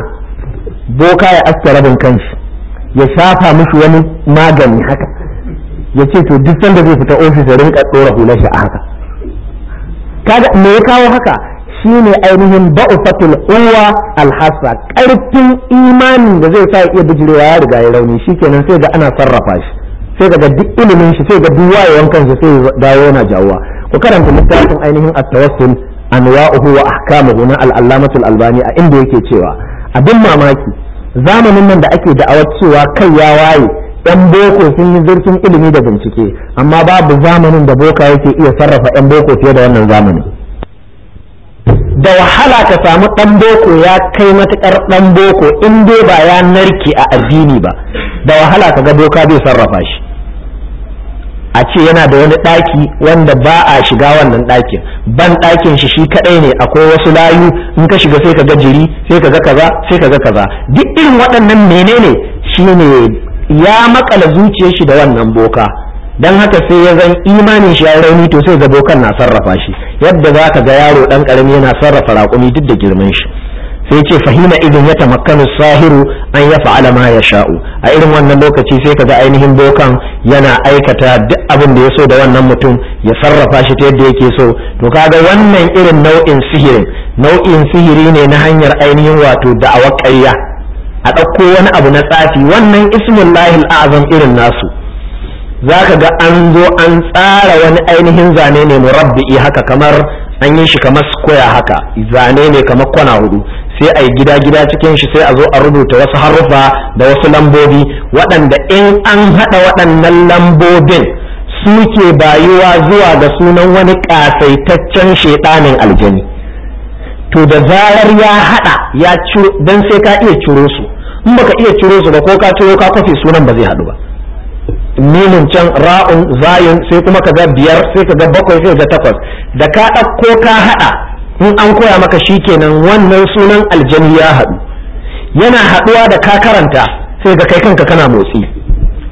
boka ya aske rabin kanshi ya shafa mishi wani magani haka ya ce to duk sanda zai fita ofis ya rinka ɗora hular shi a haka kaga me ya kawo haka shine ainihin ba'ufatul uwa alhassa karfin imanin da zai sa iya bijirewa ya riga ya rauni shikenan sai ga ana sarrafa shi sai ga duk ilimin shi sai ga duk wayewan kansa sai dawo yana jawuwa ku karanta littafin ainihin at-tawassul anwa'uhu wa ahkamuhu na al-allamatul albani a inda yake cewa abin mamaki zamanin nan da ake da'awar cewa kai ya waye yan boko sun yi zurfin ilimi da bincike amma babu zamanin da boka yake iya sarrafa yan boko fiye da wannan zamani da wahala ka samu ɗan boko ya kai matuƙar ɗan boko in dai ba ya narke a addini ba da wahala ka ga boka bai sarrafa shi a ce yana da wani ɗaki wanda ba a shiga wannan ɗakin ban ɗakin shi shi kaɗai ne akwai wasu layu in ka shiga sai ka ga jiri sai ka ga kaza sai ka ga kaza duk irin waɗannan menene shi ne ya makala zuciyar shi da wannan boka dan haka sai ya zan imanin shi ya rauni to sai ga bokan na sarrafa shi yadda za ka ga yaro ɗan ƙarami yana sarrafa raƙumi duk da girman shi sai ce fahina idan ya tamakkanu sahiru an ya fa'ala ma ya sha'u a irin wannan lokaci sai ka ga ainihin bokan yana aikata duk abin da ya so da wannan mutum ya sarrafa shi ta yadda yake so to ga wannan irin nau'in sihirin nau'in sihiri ne na hanyar ainihin wato da a ƙarya a ɗauko wani abu na tsafi wannan ismin lahil azam irin nasu za ka ga an zo an tsara wani ainihin zane ne murabbi'i haka kamar an yi shi kamar square haka zane ne kamar kwana hudu sai a yi gida-gida cikin shi sai a zo a rubuta wasu haruffa da wasu lambobi waɗanda in an haɗa waɗannan lambobin suke bayuwa zuwa ga sunan wani ƙasaitaccen shaɗanin aljani to da zarar ya haɗa ya ciro don sai ka iya ciro su in baka iya ciro su ba ko ka ciro ka kwafe sunan ba zai haɗu ba mimin can ra'un zayin sai kuma ka ga biyar sai ka ga bakwai sai ga takwas da ka ɗauko ka haɗa in an koya maka shi kenan wannan sunan aljanu ya haɗu yana haɗuwa da ka karanta sai ga kai kanka kana motsi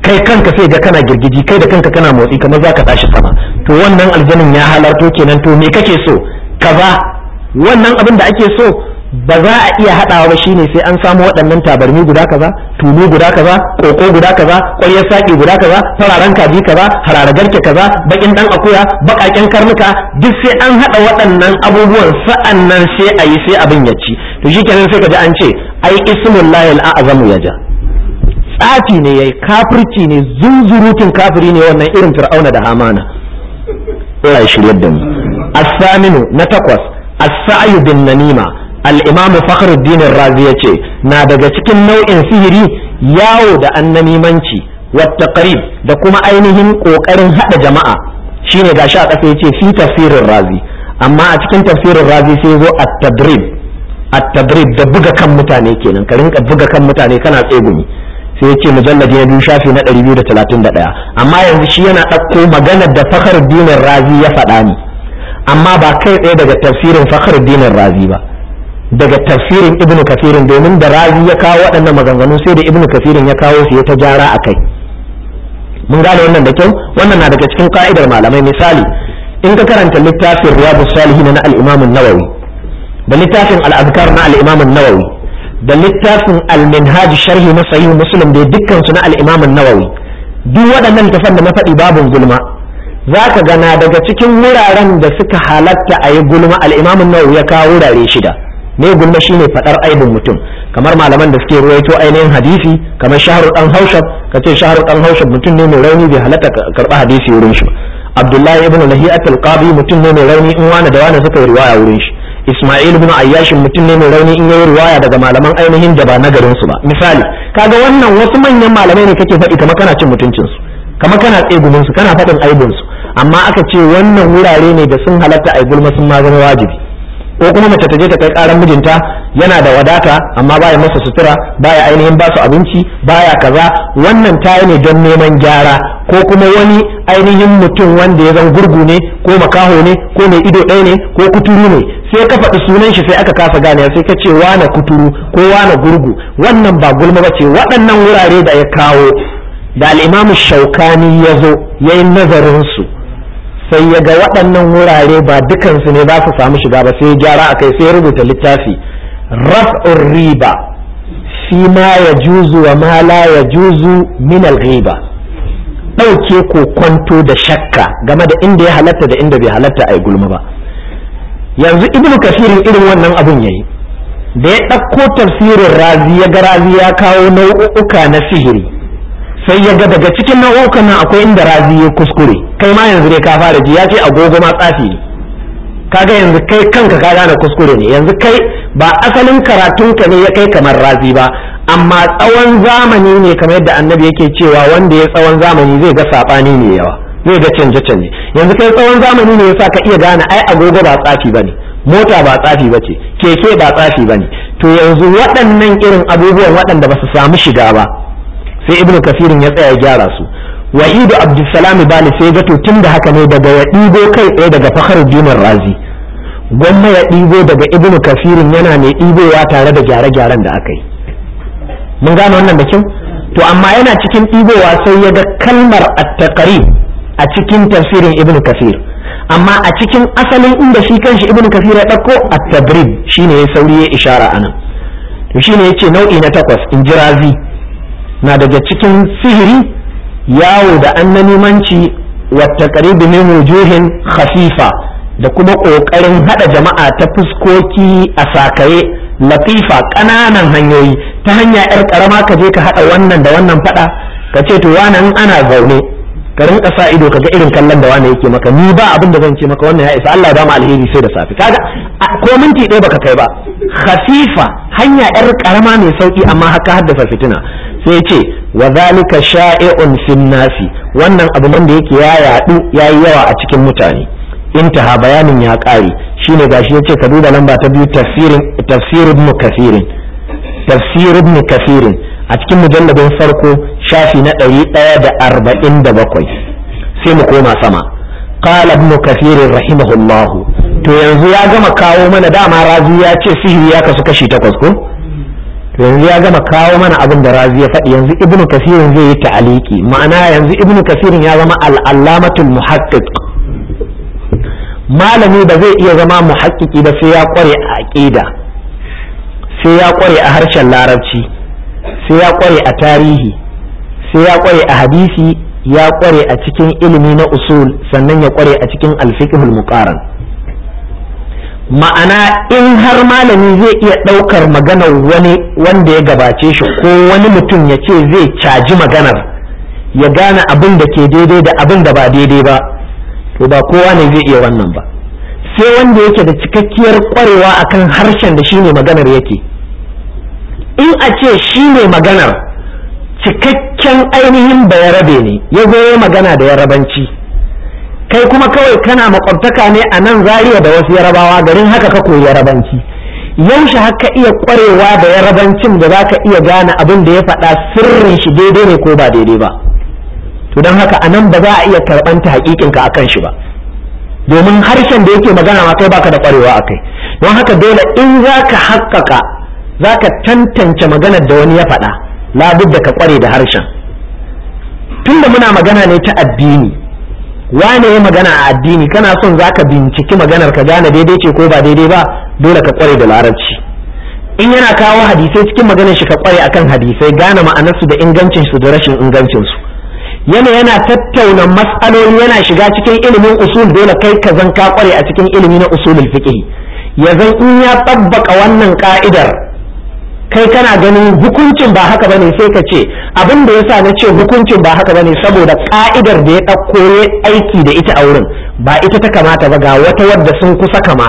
kai kanka sai ga kana girgiji kai da kanka kana motsi kamar za ka tashi sama to wannan aljanin ya halarto kenan to me kake so kaza wannan abin da ake so ba za a iya haɗawa ba shine sai an samu waɗannan tabarmi guda kaza tuni guda kaza koko guda kaza ƙwaryar saƙi guda kaza fararen kaji kaza hararagarke kaza baƙin ɗan akuya baƙaƙen karnuka duk sai an haɗa waɗannan abubuwan sa'annan sai a yi sai abin ya ci to shi kenan sai ka ji an ce ai ismul lahil a'zamu ja. tsafi ne yayi kafirci ne zunzurutun kafiri ne wannan irin fir'auna da hamana Allah ya shiryar da mu as na takwas as-sa'yu bin nanima al-imam fakhruddin razi yace na daga cikin nau'in sihiri yawo da annamimanci wata qarib da kuma ainihin ƙoƙarin haɗa jama'a shine gashi a kasa yace fi tafsirin razi amma a cikin tafsirin razi sai zo a tadrib tadrib da buga kan mutane kenan ka rinka buga kan mutane kana tsegumi sai yace mujalladi na biyu shafi na 231 amma yanzu shi yana ɗauko maganar da fakhruddin razi ya faɗa ni amma ba kai tsaye daga tafsirin fakhruddin razi ba daga tafsirin ibnu kafirin domin da razi ya kawo waɗannan maganganu sai da ibnu kafirin ya kawo su ya ta gyara a kai mun gane wannan da kyau wannan na daga cikin ka'idar malamai misali in ka karanta littafin riyadu salihin na al-imam an-nawawi da littafin al-azkar na al-imam an-nawawi da littafin al-minhaj sharhi na sahih muslim da dukkan su na al-imam an-nawawi duk waɗannan tafan da na faɗi babun gulma za ka gana daga cikin wuraren da suka halatta a yi gulma al-imam an-nawawi ya kawo wurare shida ne gulma shine fadar aibin mutum kamar malaman da suke ruwaito ainihin hadisi kamar shahru dan haushab kace shahru dan haushab mutum ne mai rauni bai halatta karba hadisi wurin shi abdullahi ibn lahiyat al mutum ne mai rauni in wani da wani suka yi riwaya wurin shi isma'il ibn ayyashin mutum ne mai rauni in yayi riwaya daga malaman ainihin da ba na garin su ba misali kaga wannan wasu manyan malamai ne kake faɗi kamar kana cin mutuncin su kamar kana tsegumin su kana faɗin aibin su amma aka ce wannan wurare ne da sun halatta ai gulma sun ma zama wajibi ko kuma mace ta je ta kai karan mijinta yana da wadata amma baya masa sutura baya ainihin ba su abinci baya kaza wannan ta ne don neman gyara ko kuma wani ainihin mutum wanda ya zan gurgu ne ko makaho ne ko mai ido ɗaya ne ko kuturu ne sai ka faɗi sunan shi sai aka kasa gane sai ka ce wane kuturu ko wane gurgu wannan ba gulma ba ce waɗannan wurare da ya kawo da al'imamu shaukani ya zo ya yi nazarinsu sai ya ga waɗannan wurare ba dukansu ne ba su samu shiga ba sai gyara a kai sai rubuta littafi raf'ur riba shi ma ya juzu wa ma ya juzu min riba ɗauke ko kwanto da shakka game da inda ya halatta da inda bai halatta a gulma ba yanzu ibnu kafirin irin wannan abun yayi da ya ɗauko tafsirin razi ya ga razi ya kawo nau'uka na sihiri sai ya ga daga cikin nau'ukan nan akwai inda razi ya kuskure kai ma yanzu ne ka fara ji ya ce agogo ma tsafi ne kaga yanzu kai kanka ka gane kuskure ne yanzu kai ba asalin karatunka ne ya kai kamar razi ba amma tsawon zamani ne kamar yadda annabi yake cewa wanda ya tsawon zamani zai ga sabani ne yawa zai ga canje canje yanzu kai tsawon zamani ne yasa ka iya gane ai agogo ba tsafi bane mota ba tsafi bace keke ba tsafi bane to yanzu waɗannan irin abubuwan waɗanda ba su samu shiga ba sai ibnu kasirin ya tsaya gyara su wa'idu abdulsalam bani sai ga tun da haka ne daga ya ɗibo kai ɗaya daga fakhruddin razi gwamma ya ɗibo daga ibnu kasirin yana mai ɗibowa tare da gyare-gyaren da aka yi mun gane wannan da kyau to amma yana cikin ɗibowa sai ya ga kalmar at-taqrib a cikin tafsirin ibnu kasir amma a cikin asalin inda shi kanshi ibnu kasir ya ɗauko at-tabrib shine ya sauri ya ishara anan to shine yace nau'i na takwas in ji razi na daga cikin sihiri yawo da annanimanci wata karibu min wujuhin khafifa da kuma ƙoƙarin haɗa jama'a ta fuskoki a sakaye latifa ƙananan hanyoyi ta hanya 'yar ƙarama ka je ka haɗa wannan da wannan faɗa ka ce to wani ana zaune ka rinka sa ido ka ga irin kallon da wani yake maka ni ba abin da zan ce maka wannan ya isa Allah ya dama alheri sai da safi kaga ko minti ɗaya baka kai ba khafifa hanya 'yar ƙarama mai sauki amma haka haddasa fitina sai ce wa zalika sha'i'un fin nasi wannan abu da yake ya yadu yi yawa a cikin mutane intaha bayanin ya kare shine gashi yace ka duba lamba ta biyu tafsirin tafsir ibn tafsir ibn a cikin mujalladin farko shafi na 147 sai mu koma sama qala ibn kathir rahimahullah to yanzu ya gama kawo mana dama razi ya ce sihiri ya kasu kashi takwas ko yanzu ya gama kawo mana abin da razi ya faɗi yanzu ibnu kasirin zai yi ta'aliki ma'ana yanzu ibnu kasirin ya zama al'allamatul muhaqqiq malami ba zai iya zama muhaqqiki ba sai ya kware a aqida sai ya kware a harshen larabci sai ya kware a tarihi sai ya kware a hadisi ya kware a cikin ilimi na usul sannan ya kware a cikin al-fiqh al ma'ana in har malami zai iya ɗaukar maganar wani wanda ya gabace shi ko wani mutum ya ce zai caji maganar ya gane abin da ke daidai da abin da ba daidai ba to ba kowa ne zai iya wannan ba sai wanda yake da cikakkiyar kwarewa akan harshen da shine maganar yake in a ce shine maganar cikakken ainihin bayarabe ne ya zo magana da yarabanci kai kuma kawai kana makwabtaka ne a nan zariya da wasu yarabawa garin haka ka koyi yarabanci yaushe haka iya kwarewa da yarabancin da za ka iya gane abin da ya faɗa sirrin shi daidai ne ko ba daidai ba to don haka a nan ba za a iya karɓanta haƙiƙinka a kan shi ba domin harshen da yake magana ma kai baka da kwarewa a kai don haka dole in za ka haƙƙaƙa za ka tantance maganar da wani ya faɗa da ka kware da harshen tunda muna magana ne ta addini wane ya magana a addini kana son za ka binciki maganar ka gane daidai ce ko ba daidai ba dole ka kware da larabci in yana kawo hadisai cikin maganar shi ka kware akan hadisai gane ma'anarsu da ingancin su da rashin ingancin su yana yana tattauna mas'aloli yana shiga cikin ilimin usul dole kai ka zan ka kware a cikin ilimi na usulul fiqh ya zan in ya tabbaka wannan ka'idar kai kana ganin hukuncin ba haka bane sai ka ce abin da yasa na ce hukuncin ba haka bane saboda ka'idar da ya ɗauko aiki da ita a wurin ba ita ta kamata ba ga wata wadda sun kusa kama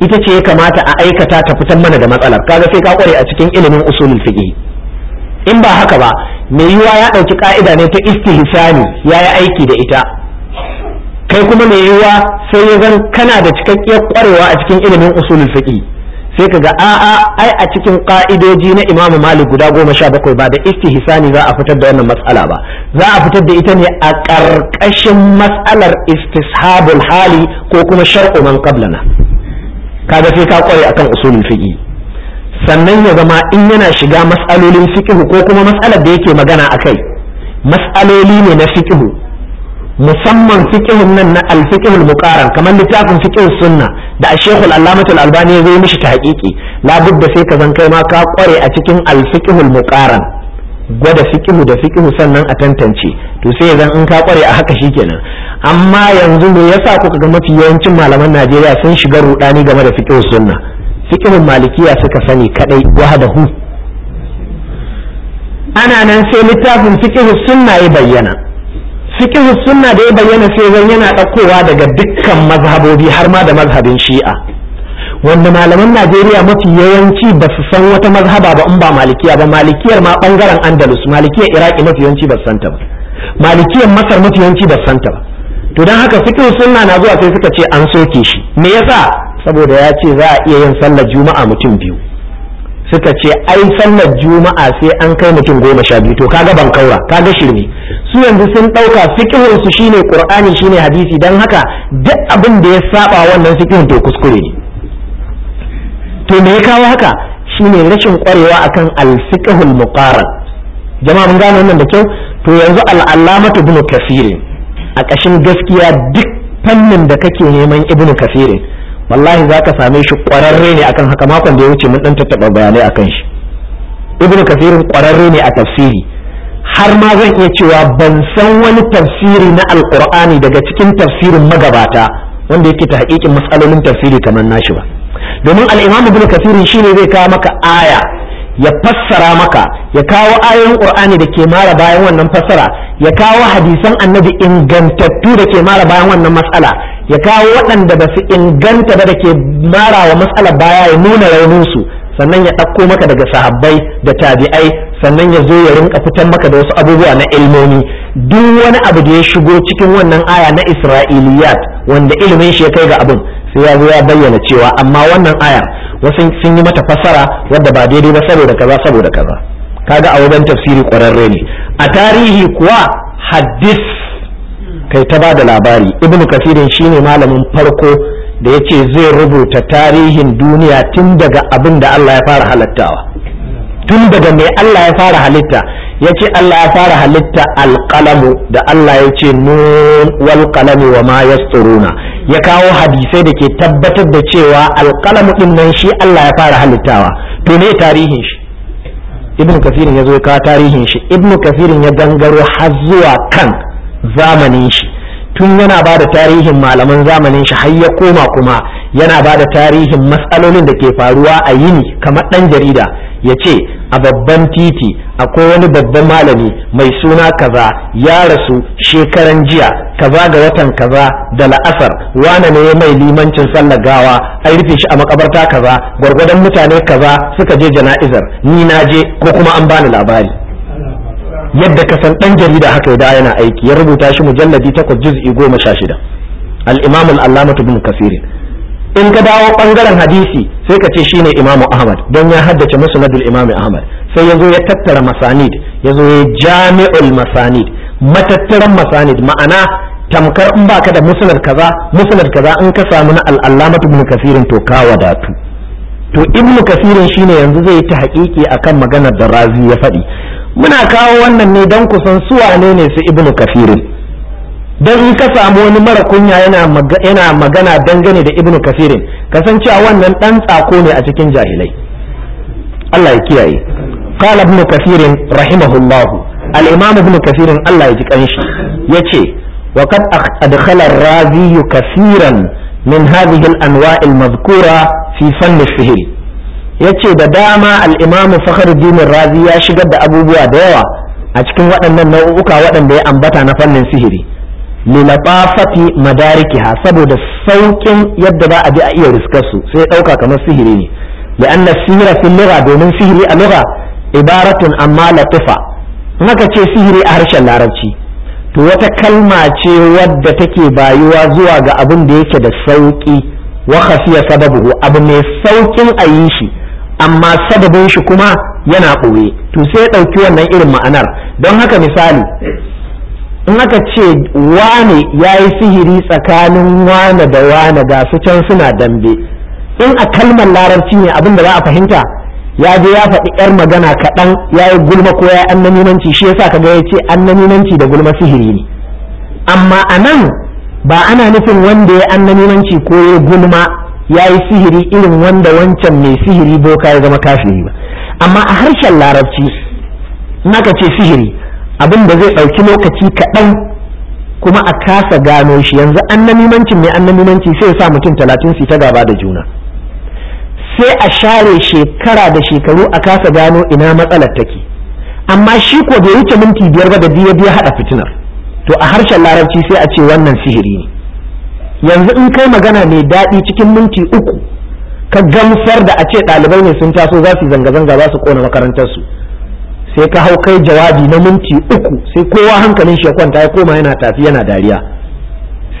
ita ce ya kamata a aikata ta fitar mana da matsalar kaga sai ka kware a cikin ilimin usulul fiqh in ba haka ba mai yiwa ya ɗauki ka'ida ne ta istihsani ya yi aiki da ita kai kuma mai yiwa sai ya zan kana da cikakkiyar kwarewa a cikin ilimin usulul fiqh sai ka kaga a'a ai a cikin ka'idoji na imamu malik guda goma sha bakwai ba da istihsani za a fitar da wannan matsala ba za a fitar da ita ne a ƙarƙashin matsalar istishabul hali ko kuma shar'u man Ka ga sai ka kware akan usulul fiqi sannan ya zama in yana shiga matsalolin fiqh ko kuma matsalar da yake magana akai matsaloli ne na fiqh musamman fiqhun nan na alfikihul fiqhul kamar littafin fiqh sunna da Sheikh Al-Allamah albani ya mishi ta haƙiƙi labudda sai ka zan kai ma ka kware a cikin alfikihul muƙaran gwada fikihu da fikihu sannan a tantance to sai zan in ka kware a haka shikenan amma yanzu me yasa kuka ga mafi yawancin malaman Najeriya sun shiga rudani game da fiqh sunna fiqhun malikiya suka sani kadai wahadahu ana nan sai littafin fiqh sunna ya bayyana cikin sunna da ya bayyana sai zan yana ɗaukowa daga dukkan mazhabobi har ma da mazhabin shi'a wanda malaman Najeriya mafi yawanci ba su san wata mazhaba ba in ba malikiya ba malikiyar ma bangaren Andalus malikiyar Iraki mafi yawanci ba santa ba malikiyar Masar mafi yawanci ba santa ba to don haka fiqh sunna na zuwa sai suka ce an soke shi me yasa saboda ya ce za a iya yin sallar juma'a mutum biyu suka ce ai sallar juma'a sai an kai mutum goma sha biyu to kaga ban kaura kaga shirme su yanzu sun ɗauka fikihun su shine qur'ani shine hadisi dan haka duk abin da ya saba wannan fikihun to kuskure ne to me ya kawo haka shine rashin kwarewa akan al-fiqhul muqarrar jama'a mun gane wannan da kyau to yanzu al-allamatu ibn kafirin a ƙashin gaskiya duk fannin da kake neman ibn kafirin wallahi za ka same shi ƙwararre ne akan haka makon da ya wuce mun ɗan tattaɓa bayanai akan shi ibn kasirin ƙwararre ne a tafsiri har ma zan iya cewa ban san wani tafsiri na alƙur'ani daga cikin tafsirin magabata wanda yake ta hakikin matsalolin tafsiri kamar nashi ba domin al'imamu ibn shi ne zai kawo maka aya ya fassara maka ya kawo ayoyin qur'ani da ke mara bayan wannan fassara ya kawo hadisan annabi ingantattu da ke mara bayan wannan matsala ya kawo waɗanda ba su inganta ba da ke mara wa matsala baya ya nuna raunin su sannan ya ɗauko maka daga sahabbai da tabi'ai sannan ya zo ya rinka fitar maka da wasu abubuwa na ilmomi duk wani abu da ya shigo cikin wannan aya na isra'iliyat wanda ilimin shi ya kai ga abin sai ya zo ya bayyana cewa amma wannan aya wasu sun yi mata fasara wadda ba daidai ba saboda kaza saboda kaza kaga a wajen tafsiri kwararre ne a tarihi kuwa hadis kai ta bada labari ibnu kasirin shine malamin farko da yace zai rubuta tarihin duniya tun daga abin da Allah ya fara halittawa tun daga mai Allah ya fara halitta ya ce Allah ya fara halitta alƙalamu da Allah yace ce nun wal wa ma yasturuna ya kawo hadisai da ke tabbatar da cewa alkalamu din nan shi Allah ya fara halittawa to ne tarihin shi ibnu kafirin ya zo kawo tarihin shi ibnu kafirin ya gangaro har zuwa kan zamanin shi tun yana ba da tarihin malaman zamanin shi har ya koma kuma yana ba da tarihin matsalolin da ke faruwa a yini kamar ɗan jarida ya ce a babban titi akwai wani babban malami mai suna kaza ya rasu shekaran jiya kaza ga watan kaza da la'asar wane ne ya mai limancin sallar gawa an rufe shi a makabarta kaza gwargwadon mutane kaza suka je jana'izar ni na je ko kuma an bani labari yadda ka san ɗan jarida haka ya da yana aiki ya rubuta shi mujalladi takwas juz'i goma sha shida al-imam al-allamah in ka dawo bangaren hadisi sai ka ce shine imamu ahmad don ya haddace musnadul imam ahmad sai yazo ya tattara masanid yazo ya jami'ul masanid matattaran masanid ma'ana tamkar in baka da musnad kaza musnad kaza in ka samu na al-allamatu ibn kasirin to ka wadatu to ibn kasirin shine yanzu zai ta hakiki akan maganar da razi ya faɗi muna kawo wannan ne don kusan su wane ne su ibn kasirin dan in ka samu wani mara kunya yana magana dangane da ibnu kafirin kasancewa wannan dan tsako ne a cikin jahilai Allah ya kiyaye qala ibnu kafirin rahimahullah al-imam ibnu kafirin Allah ya ji kanshi yace wa qad adkhala ar-razi kaseeran min hadhihi al-anwa' al-madhkura fi fann al-fihr yace da dama al-imam fakhruddin razi ya shigar da abubuwa da yawa a cikin waɗannan nau'uka waɗanda ya ambata na fannin sihiri lilabafati madarikiha saboda saukin yadda za a bi a iya riskar su sai ɗauka kamar sihiri ne لأن السهر في domin sihiri a lura amma amma لطفة maka ce sihiri a harshen larabci to wata kalma ce wadda take bayuwa zuwa ga abin da yake da sauki wa khafiya sababu abu mai saukin a yi shi amma sababin shi kuma yana ɓoye to sai ɗauki wannan irin ma'anar don haka misali in aka ce wane ya yi sihiri tsakanin wane da wane ga su can suna dambe in a kalmar larabci ne abin da za a fahimta ya je ya faɗi yar magana kaɗan ya yi gulma ko ya yi annaninanci shi yasa kaga ya ce annaninanci da gulma sihiri ne amma a nan ba ana nufin wanda ya annaninanci ko ya gulma ya yi sihiri irin wanda wancan mai sihiri boka ya zama kafiri ba amma a harshen larabci in aka ce sihiri abin da zai ɗauki lokaci kaɗan kuma a kasa gano shi yanzu annamimancin mai annamimanci sai ya sa mutum talatin su ta gaba da juna sai a share shekara da shekaru a kasa gano ina matsalar take amma shi ko bai wuce minti biyar ba da biya biya haɗa fitinar to a harshen larabci sai a ce wannan sihiri ne yanzu in kai magana mai daɗi cikin minti uku ka gamsar da a ce ɗalibai ne sun taso za su zanga-zanga za su ƙona makarantarsu sai ka hau kai jawabi na minti uku sai kowa hankalin shi ya kwanta ya koma yana tafi yana dariya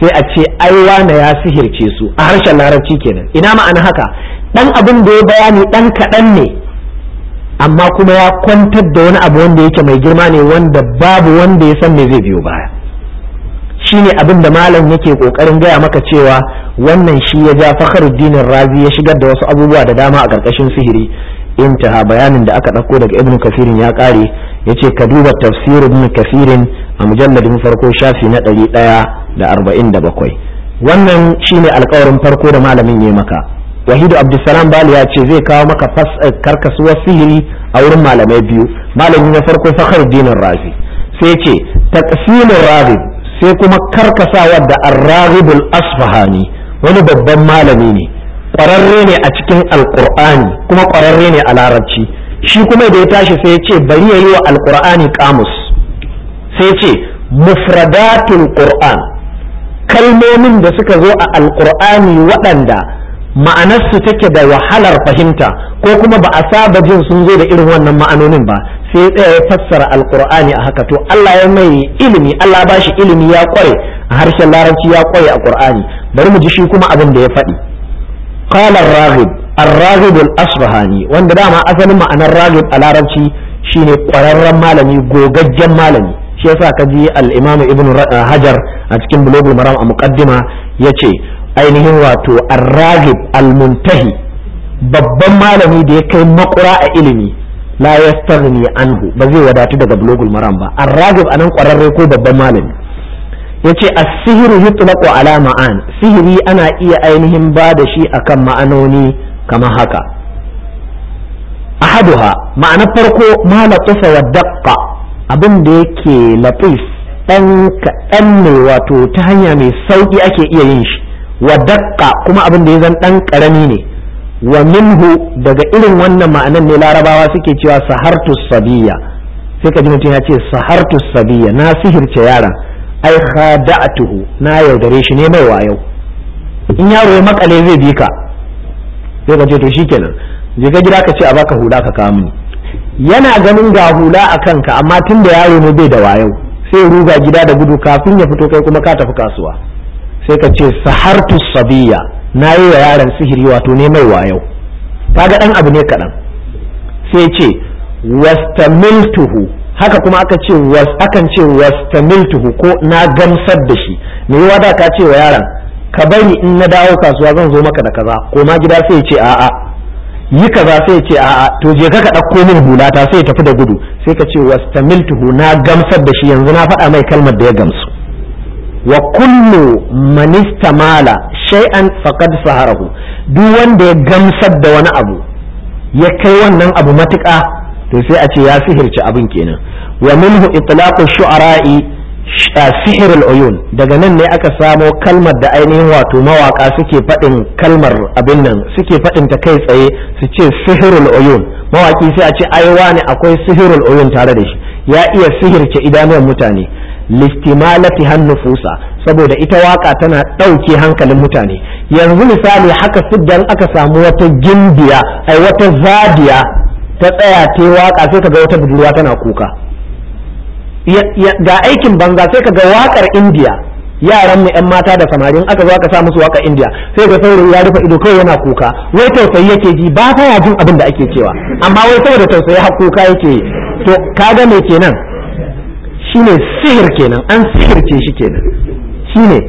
sai a ce ai wane ya sihirce su a harshen larabci kenan ina ma'ana haka dan abin da ya bayani dan kaɗan ne amma kuma ya kwantar da wani abu wanda yake mai girma ne wanda babu wanda ya san me zai biyo baya shine abin da malam yake kokarin gaya maka cewa wannan shi ya ja fakhruddin razi ya shigar da wasu abubuwa da dama a karkashin sihiri intaha bayanin da aka ɗauko daga ibn kafirin ya ƙare ya ce ka duba tafsir ibn kafirin a mujalladin farko shafi na ɗari ɗaya da arba'in da bakwai wannan shine alkawarin farko da malamin ya maka wahidu abdulsalam bali ya ce zai kawo maka eh, karkasuwar sihiri a wurin malamai biyu malami na farko fakhar dinin razi sai ce taqsimur razi sai kuma karkasawar da ar-raghibul asfahani wani babban malami ne ƙwararre ne a cikin alƙur'ani kuma ƙwararre ne a larabci shi kuma da ya tashi sai ya ce bari ya yi wa alƙur'ani kamus sai ya ce mufradatul ƙur'an kalmomin da suka zo a alƙur'ani waɗanda ma'anarsu take da wahalar fahimta ko kuma ba a saba jin sun zo da irin wannan ma'anonin ba sai ya fassara alƙur'ani a haka to Allah ya mai ilimi Allah ba shi ilimi ya ƙware a harshen larabci ya ƙware a ƙur'ani bari mu ji shi kuma abin da ya faɗi qala ar-raghib ar wanda dama asalin ma'anar raghib a larabci shine kwararren malami gogajjen malami shi yasa ka je al-imam ibn hajar a cikin bulugul maram a ya ce ainihin wato ar-raghib al babban malami da ya kai maƙura a ilimi la yastaghni anhu ba zai wadatu daga bulugul maram ba ar-raghib anan kwararre ko babban malami yace as-sihru yutlaqu ala ma'an sihiri ana iya ainihin ba da shi akan ma'anoni kama haka ahaduha ma'anar farko ma latufa wa daqqa abin da yake latif dan kaɗan ne wato ta hanya mai sauki ake iya yin shi wa daqqa kuma abin da ya zan dan karami ne wa minhu daga irin wannan ma'anan ne larabawa suke cewa sahartus sabiya sai ka ji mutum ya ce sahartus sabiya na sihirce yaran ai khada'atuhu na yaudare shi ne mai wayo in yaro ya makale zai bi ka sai ka ce to shikenan je ka gida ka ce a baka hula ka kawo yana ganin ga hula a kanka amma tun da yaro ne bai da wayo sai ruga gida da gudu kafin ya fito kai kuma ka tafi kasuwa sai ka ce sahartu sabiya na yi wa yaron sihiri wato ne mai wayo kaga dan abu ne kaɗan sai ce wastamiltuhu haka kuma aka ce was akan ce wastamiltuhu ko na gamsar da shi me yawa da ka ce wa yaron ka bari in na dawo kasuwa zan zo maka da kaza ko ma gida sai ya ce a'a yi kaza sai ya ce a'a to je ka ka dauko min ta sai ya tafi da gudu sai ka ce wastamiltuhu na gamsar da shi yanzu na faɗa mai kalmar da ya gamsu wa kullu man istamala shay'an faqad saharahu duk wanda ya gamsar da wani abu ya kai wannan abu matuƙa to sai a ce ya sihirci abin kenan wa minhu itlaqu shu'ara'i sihir al-uyun daga nan ne aka samo kalmar da ainihin wato mawaka suke faɗin kalmar abin nan suke faɗin ta kai tsaye su ce sihir al-uyun mawaki sai a ce ai wani akwai sihir al-uyun tare da shi ya iya sihirce idanuwan mutane listimalati hannufusa saboda ita waka tana ɗauke hankalin mutane yanzu misali haka siddan aka samu wata gimbiya ai wata zadiya ta tsaya ta waka sai ka ga wata budurwa tana kuka ga aikin banza sai ka ga wakar indiya yaran mu yan mata da samarin aka zo aka sa musu waka indiya sai ga sauri ya rufe ido kawai yana kuka wai tausayi yake ji ba ta ya jin abin da ake cewa amma wai saboda tausayi har kuka yake to kaga me kenan shine sihir kenan an sihirce shi kenan shine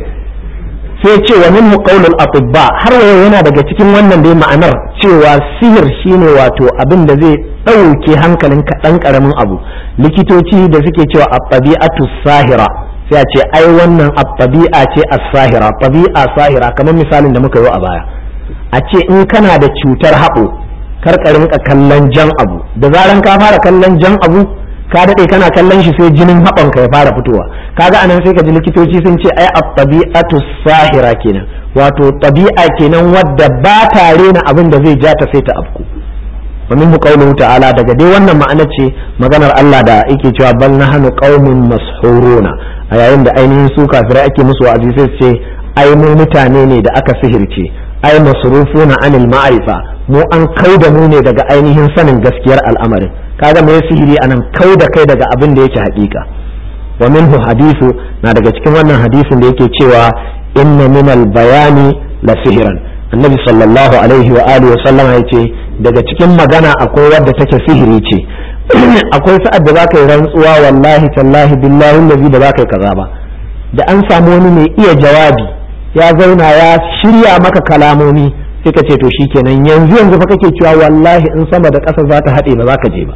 sai ce wa minhu qaulul atibba har wayo yana daga cikin wannan dai ma'anar cewa sihir shine wato abin da zai ɗauke hankalin kaɗan karamin abu likitoci da suke cewa at-tabi'atu sahira sai a ce ai wannan at-tabi'a ce as-sahira tabi'a sahira kamar misalin da muka yi a baya a ce in kana da cutar haɓo kar ka kallon jan abu da zaran ka fara kallon jan abu ka daɗe kana kallon shi sai jinin ka ya fara fitowa kaga anan sai ka ji likitoci sun ce ai at-tabi'atu sahira kenan wato tabi'a kenan wadda ba ta rena abin da zai ja ta sai ta afku wa minhu qawluhu ta'ala daga dai wannan ma'anar ce maganar Allah da yake cewa bal nahnu qaumun mashuruna a yayin da ainihin su kafirai ake musu wa'azi sai ce ai mu mutane ne da aka sihirce ai masrufuna anil ma'rifa mu an da mu ne daga ainihin sanin gaskiyar al'amarin kaga me sihiri anan kau da kai daga abin da yake hakika wa minhu hadithu na daga cikin wannan hadisin da yake cewa inna al bayani la sihiran annabi sallallahu alaihi wa alihi wa sallama yace daga cikin magana akwai wadda take sihiri ce *clears throat* akwai sa'ad da zaka yi rantsuwa wallahi tallahi billahi allazi da zaka yi kaza ba da an samu wani mai iya jawabi ya zauna ya shirya maka kalamomi sai ka ce to shikenan yanzu yanzu fa kake cewa wallahi in sama da ƙasa za ta haɗe ba za ka je ba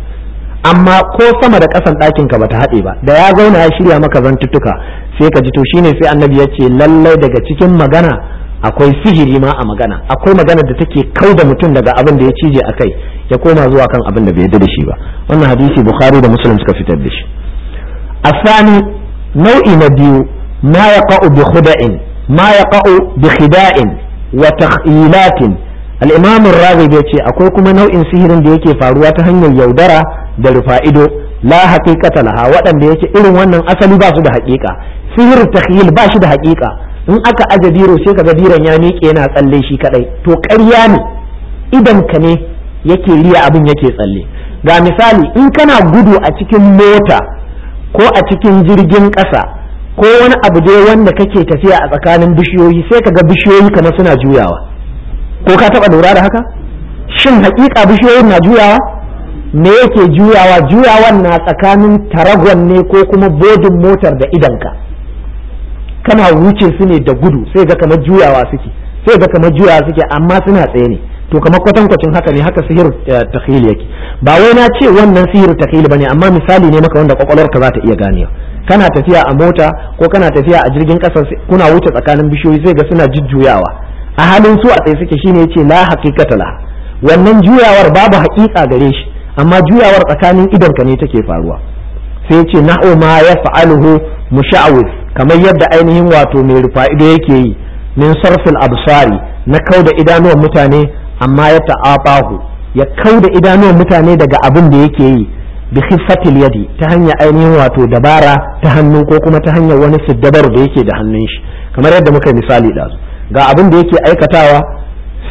amma ko sama da ƙasan ɗakin ka bata haɗe ba da ya zauna ya shirya maka zantuttuka sai ka ji to shine sai annabi ya ce lallai daga cikin magana akwai sihiri ma a magana akwai magana da take kau da mutum daga abin da ya cije a kai ya koma zuwa kan abin da bai yarda da shi ba wannan hadisi bukhari da muslim suka fitar da shi asani nau'i na biyu ma yaqa'u bi khuda'in ma yaqa'u bi khida'in wa takhilatin al-imam ar-raghib yace akwai kuma nau'in sihirin da yake faruwa ta hanyar yaudara da rufa'ido la haqiqata laha waɗanda yake irin wannan asali ba su da haƙiƙa sihir takhyil ba shi da haƙiƙa in aka aje biro sai kaga biron ya miƙe yana tsalle shi kadai to ƙarya ne idan ka ne yake riya abin yake tsalle ga misali in kana gudu a cikin mota ko a cikin jirgin ƙasa ko wani abu dai wanda kake tafiya a tsakanin bishiyoyi sai kaga bishiyoyi kamar suna juyawa ko ka taba lura da haka shin haƙiƙa bishiyoyin na juyawa me yake juyawa juyawan na tsakanin taragon ne ko kuma bodin motar da idanka kana wuce su ne da gudu sai ga kamar juyawa suke sai ga kamar juyawa suke amma suna tsaye ne to kamar kwatankwacin haka ne haka sihir eh, takhil yake ba wai na ce wannan sihir takhil bane amma misali ne maka wanda kwakwalwarka za ta iya ganewa kana tafiya a mota ko kana tafiya a jirgin kasa kuna wuce tsakanin bishiyoyi sai ga suna jujjuyawa a halin su a tsaye suke shine yace la haqiqata la wannan juyawar babu haƙiƙa gare shi amma juyawar tsakanin idonka ne take faruwa sai ce na'u ma ya fa'aluhu musha'awif kamar yadda ainihin wato mai rufa ido yake yi min sarfil absari na kau da idanuwan mutane amma ya ta'afahu ya kau da idanuwan mutane daga abin da yake yi bi khiffatil yadi ta hanyar ainihin wato dabara ta hannu ko kuma ta hanyar wani siddabar da yake da hannun shi kamar yadda muka misali ɗazu ga abin da yake aikatawa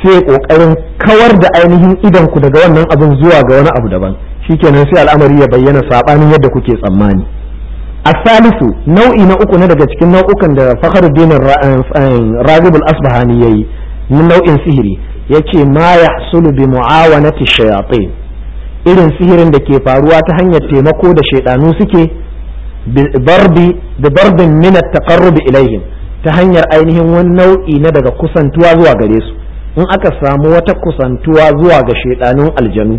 sai kokarin kawar da ainihin idan ku daga wannan abin zuwa ga wani abu daban shikenan sai al'amari ya bayyana sabanin yadda kuke tsammani asalisu nau'i na uku na daga cikin nau'ukan da fakhruddin eh, eh, ragibul asbahani yayi na nau'in sihiri yace ma yahsulu bi muawanati shayatin irin sihirin da ke faruwa ta hanyar taimako da shaidanu suke barbi da barbin min at-taqarrub ta hanyar ainihin wani nau'i na daga kusantuwa zuwa gare su in aka samu wata kusantuwa zuwa ga shaiɗanun aljanu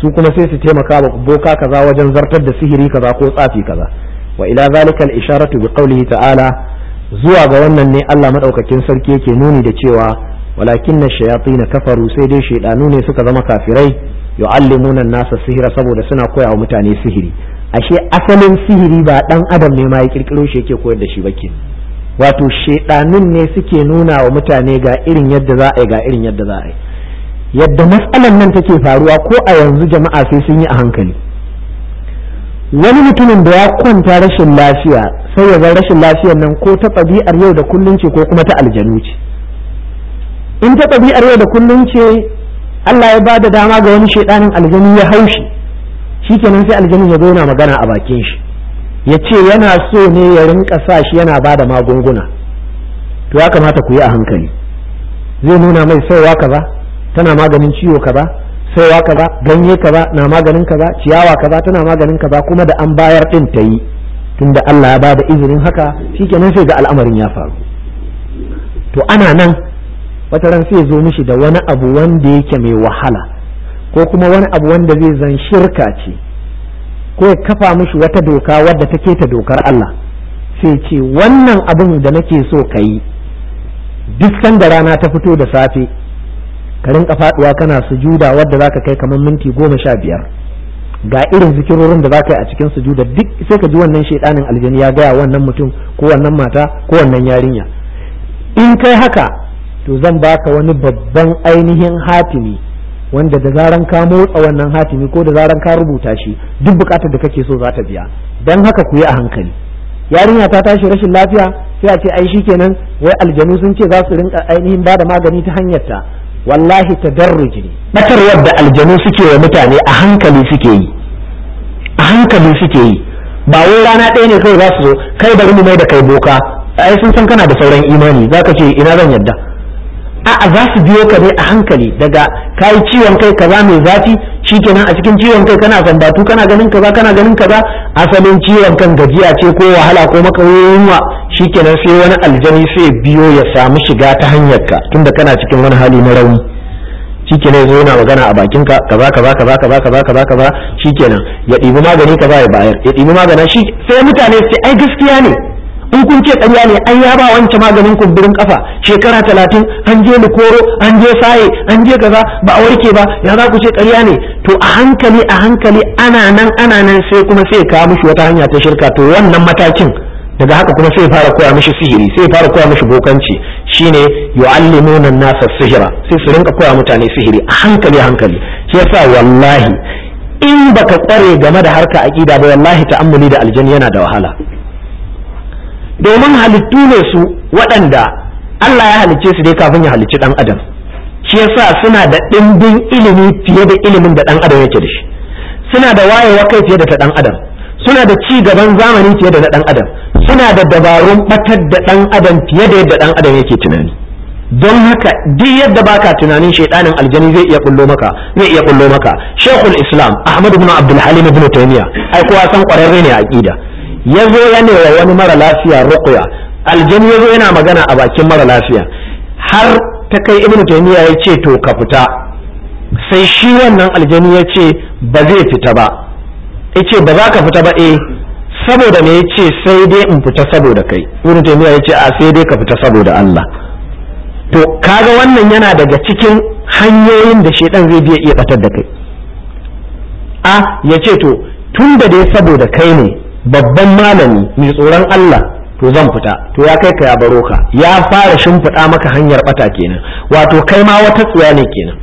su kuma sai su taimaka wa boka kaza wajen zartar da sihiri kaza ko tsafi kaza wa ila zalika al-isharatu bi qawlihi ta'ala zuwa ga wannan ne Allah madaukakin sarki yake nuni da cewa walakinna shayatin kafaru sai dai shaidanu ne suka zama kafirai yu'allimuna an-nasa sihira saboda suna koya wa mutane sihiri ashe asalin sihiri ba dan adam ne ma ya kirkiro shi yake koyar da shi ba wato shaidanin ne suke nuna wa mutane ga irin yadda za a yi ga irin yadda za a yi yadda matsalan nan take faruwa ko a yanzu jama'a sai sun yi a hankali wani mutumin da ya kwanta rashin lafiya sai ya ga rashin lafiyar nan ko ta ɗabi'ar yau da kullum ce ko kuma ta aljanu ce in ta ɗabi'ar yau da kullum ce Allah ya ba da dama ga wani shaidanin aljanu ya haushi shikenan sai aljanu ya zo yana magana a bakin shi ya ce yana so ne ya rinka sa shi yana ba da magunguna to ya kamata ku yi a hankali zai nuna mai saiwa kaza tana maganin ciwo kaza saiwa kaza ganye kaza na maganin kaza ciyawa kaza tana maganin kaza kuma da an bayar din ta yi tunda Allah ya bada izinin haka shikenan sai ga al'amarin ya faru to ana nan wata ran sai zo mishi da wani abu wanda yake mai wahala ko kuma wani abu wanda zai zan shirka ce ko ya kafa mishi wata doka wadda ta keta dokar Allah sai ce wannan abin da nake so ka yi duk da rana ta fito da safe ka rinka faduwa kana sujuda wadda za ka kai kamar minti goma sha biyar ga irin zikirorin da zaka yi a cikin sujuda duk sai ka ji wannan shaidanin aljani ya gaya wannan mutum ko wannan mata ko wannan yarinya in kai haka to zan baka wani babban ainihin hatimi wanda da zaran ka motsa wannan hatimi ko da zaran ka rubuta shi duk bukatar da kake so za ta biya dan haka ku yi a hankali yarinya ta tashi rashin lafiya sai a ce ai shikenan wai aljanu sun ce za su rinka ainihin ba da magani ta hanyar ta wallahi tadarruji ne batarwar da aljanu suke wa mutane a hankali suke yi a hankali suke yi ba wai rana ɗaya ne kai za su zo kai bari mu mai da kai boka ai sun san kana da sauran imani zaka ce ina zan yadda a'a za su biyo ka dai a hankali daga kayi ciwon kai kaza mai zafi shikenan a cikin ciwon kai kana sambatu kana ganin kaza kana ganin kaza asalin ciwon kan gajiya ce ko wahala ko makawoyinwa shikenan sai wani aljani sai biyo ya samu shiga ta hanyar ka tunda kana cikin wani hali na rauni shikenan yazo yana magana a bakin ka kaza kaza kaza kaza kaza kaza kaza shikenan ya ɗibi magani kaza ya bayar ya ɗibi magana shi sai mutane sai ai gaskiya ne ƙarya ne an ya ba wancan maganin kumburin kafa shekara talatin an je koro an je saye an je kaza ba a warke ba ya za ku ce ƙarya ne to a hankali a hankali ana nan ana nan sai kuma sai kawo mishi wata hanya ta shirka to wannan matakin daga haka kuma sai fara koya mishi sihiri sai fara koya mishi bokanci shine yu'allimuna nasa sihira sai su rinka koya mutane sihiri a hankali a hankali shi yasa wallahi in baka kware game da harka aqida ba wallahi ta'ammuli da aljani yana da wahala domin halittu ne su waɗanda Allah ya halicce su dai kafin ya halicci ɗan adam shi yasa suna da ɗimbin ilimi fiye da ilimin da ɗan adam yake da shi suna da wayewa kai fiye da ta ɗan adam suna da ci gaban zamani fiye da na ɗan adam suna da dabarun batar da ɗan adam fiye da yadda ɗan adam yake tunani don haka duk yadda baka tunanin shaidanin aljani zai iya kullo maka zai iya kullo maka shekul islam Ahmadu ibn abdul halim ibn taymiya ai kowa san kwararre ne a aqida yazo ya wa wani mara lafiya ruqya aljani yazo yana magana a bakin mara lafiya har ta kai ibnu taymiya ya ce to ka fita sai shi wannan aljani ya ce ba zai fita ba ya ce ba za ka fita ba eh saboda me ya ce sai dai in fita saboda kai ibnu taymiya ya ce a sai dai ka fita saboda Allah to kaga wannan yana daga cikin hanyoyin da shedan zai biya iya batar da kai a ya ce to tun da dai saboda kai ne babban malami mai tsoron Allah to zan fita to ya kai ka ya baro ka ya fara shimfiɗa maka hanyar bata kenan wato kai ma wata tsuya ne kenan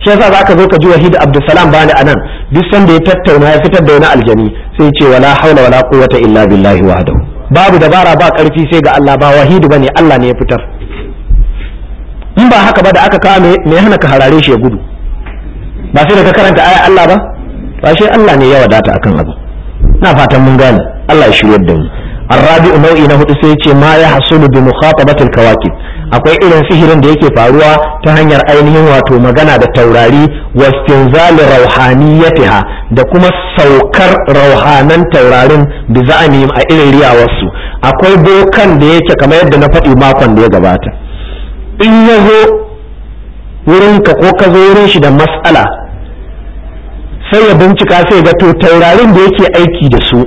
shi yasa zaka zo ka ji Wahid Abdulsalam bani anan duk sanda ya tattauna ya fitar da wani aljani sai ce wala haula wala quwwata illa billahi wahdahu babu dabara ba karfi sai ga Allah ba wahidu bane Allah ne ya fitar in ba haka ba da aka kawo mai hana ka harare shi ya gudu ba sai da ka karanta aya Allah ba ba shi Allah ne ya wadata akan abu na fatan mun gane Allah ya shiryar da mu الرابع nau'i na hudu sai ce ma ya hasulu bi mukhatabatil kawakib akwai irin sihirin da yake faruwa ta hanyar ainihin wato magana da taurari wastinzali rauhaniyatiha da kuma saukar rauhanan taurarin bi za'anihim a irin riyawarsu akwai bokan da yake kamar yadda na faɗi makon da ya gabata in ya zo wurinka ko ka zo wurin shi da mas'ala sai ya bincika sai ga to taurarin da yake aiki da su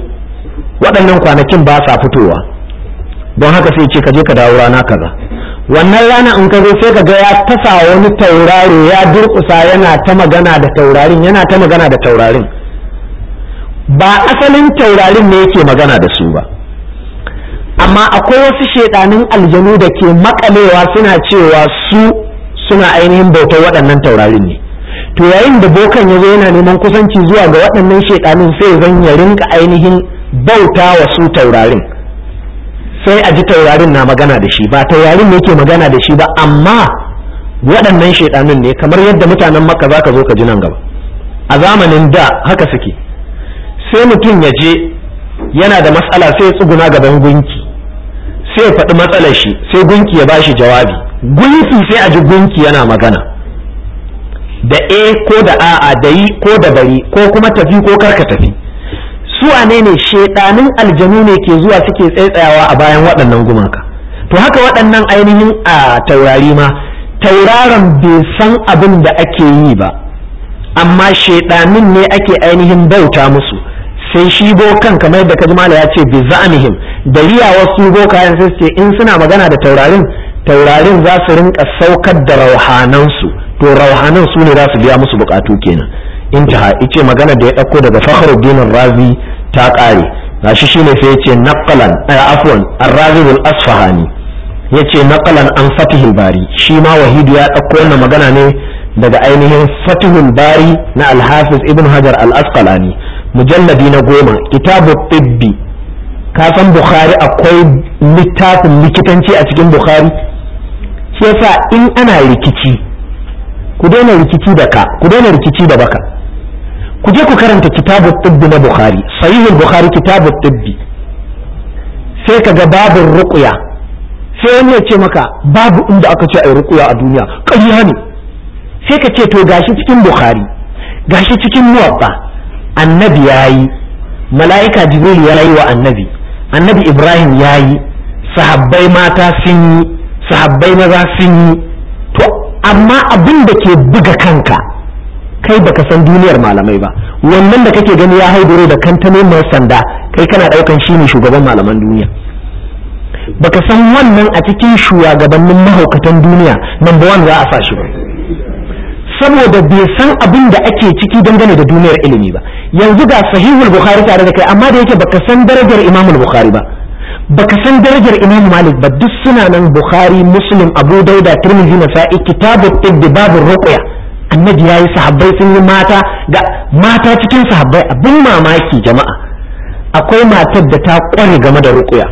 waɗannan kwanakin ba sa fitowa don haka sai ce ka je ka dawo rana kaza wannan rana in ka zo sai ka ga ya tasa wani taurari ya durƙusa yana ta magana da taurarin yana ta magana da taurarin ba asalin taurarin ne yake magana da su ba amma akwai wasu shedanin aljanu da ke makalewa suna cewa su suna ainihin bautar waɗannan taurarin ne to yayin da bokan ya zo yana neman kusanci zuwa ga waɗannan shekanun sai zan ya rinka ainihin bauta wa su taurarin sai a ji taurarin na magana da shi ba taurarin ne ke magana da shi ba amma waɗannan shekanun ne kamar yadda mutanen makka za ka zo ka ji nan gaba a zamanin da haka suke sai mutum ya je yana da matsala sai ya tsuguna gaban gunki sai ya faɗi matsalar shi sai gunki ya ba shi jawabi gunki sai a ji gunki yana magana da a ko da a'a da yi ko da bari ko kuma tafi ko karka tafi su wane ne shedanin aljanu ne ke zuwa suke tsaitsayawa a bayan waɗannan gumaka to haka waɗannan ainihin a taurari ma tauraron bai san abin da ake yi ba amma shedanin ne ake ainihin bauta musu sai shi bokan kamar da kajmala ya ce bi za'anihim da wasu bokayen sai in suna magana da taurarin taurarin za su rinka saukar da rauhanansu to rauhanan su ne za su biya musu bukatu kenan intaha ice magana da ya dauko daga fakhruddin razi ta ƙare gashi shine sai yace naqalan eh, afwan ar-razi al-asfahani yace naqalan an fatihul bari shi ma wahidu ya dauko wannan magana ne daga ainihin fatihul bari na al-hafiz ibn hajar al-asqalani mujalladi na goma kitabu tibbi ka san bukhari akwai littafin likitanci a cikin bukhari shi yasa in ana rikici ku daina rikici da ka ku daina rikici da baka ku je ku karanta kitabu tibbi na bukhari sahihul bukhari kitabut tibbi sai ka ga babu ruqya sai wani ya ce maka babu inda aka ce ai ruqya a duniya ƙarya ne sai ka ce to gashi cikin bukhari gashi cikin muwatta annabi yayi mala'ika jibril yayi wa annabi annabi ibrahim yayi sahabbai mata sun yi sahabbai maza sun yi to amma abin da ke buga kanka kai baka san duniyar malamai ba wannan da kake gani ya haidoro da kantanon mai sanda kai kana daukan shi ne shugaban malaman duniya baka san wannan a cikin shugabannin mahaukatan duniya number one za a sa shi ba saboda bai san abin da ake ciki dangane da duniyar ilimi ba yanzu ga sahihul bukhari tare da kai amma da yake baka san darajar imamul bukhari ba baka san darajar imam malik ba duk suna nan bukhari muslim abu dauda tirmidhi nasa'i kitabut tibb babur ruqya annabi yayi sahabbai sun yi mata ga mata cikin sahabbai abin mamaki jama'a akwai matar da ta kware game da ruqya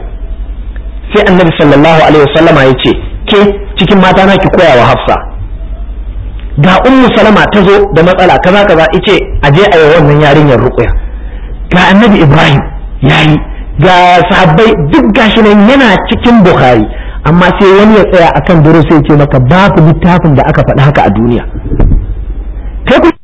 sai annabi sallallahu alaihi wasallama yace ke cikin mata na ki koya wa hafsa ga ummu salama ta zo da matsala kaza kaza yace aje a yi wannan yarinyar ruqya ga annabi ibrahim yayi ga sahabbai duk gashi nan yana cikin bukhari amma sai wani ya tsaya akan duro sai ce maka babu littafin da aka faɗi haka a duniya kai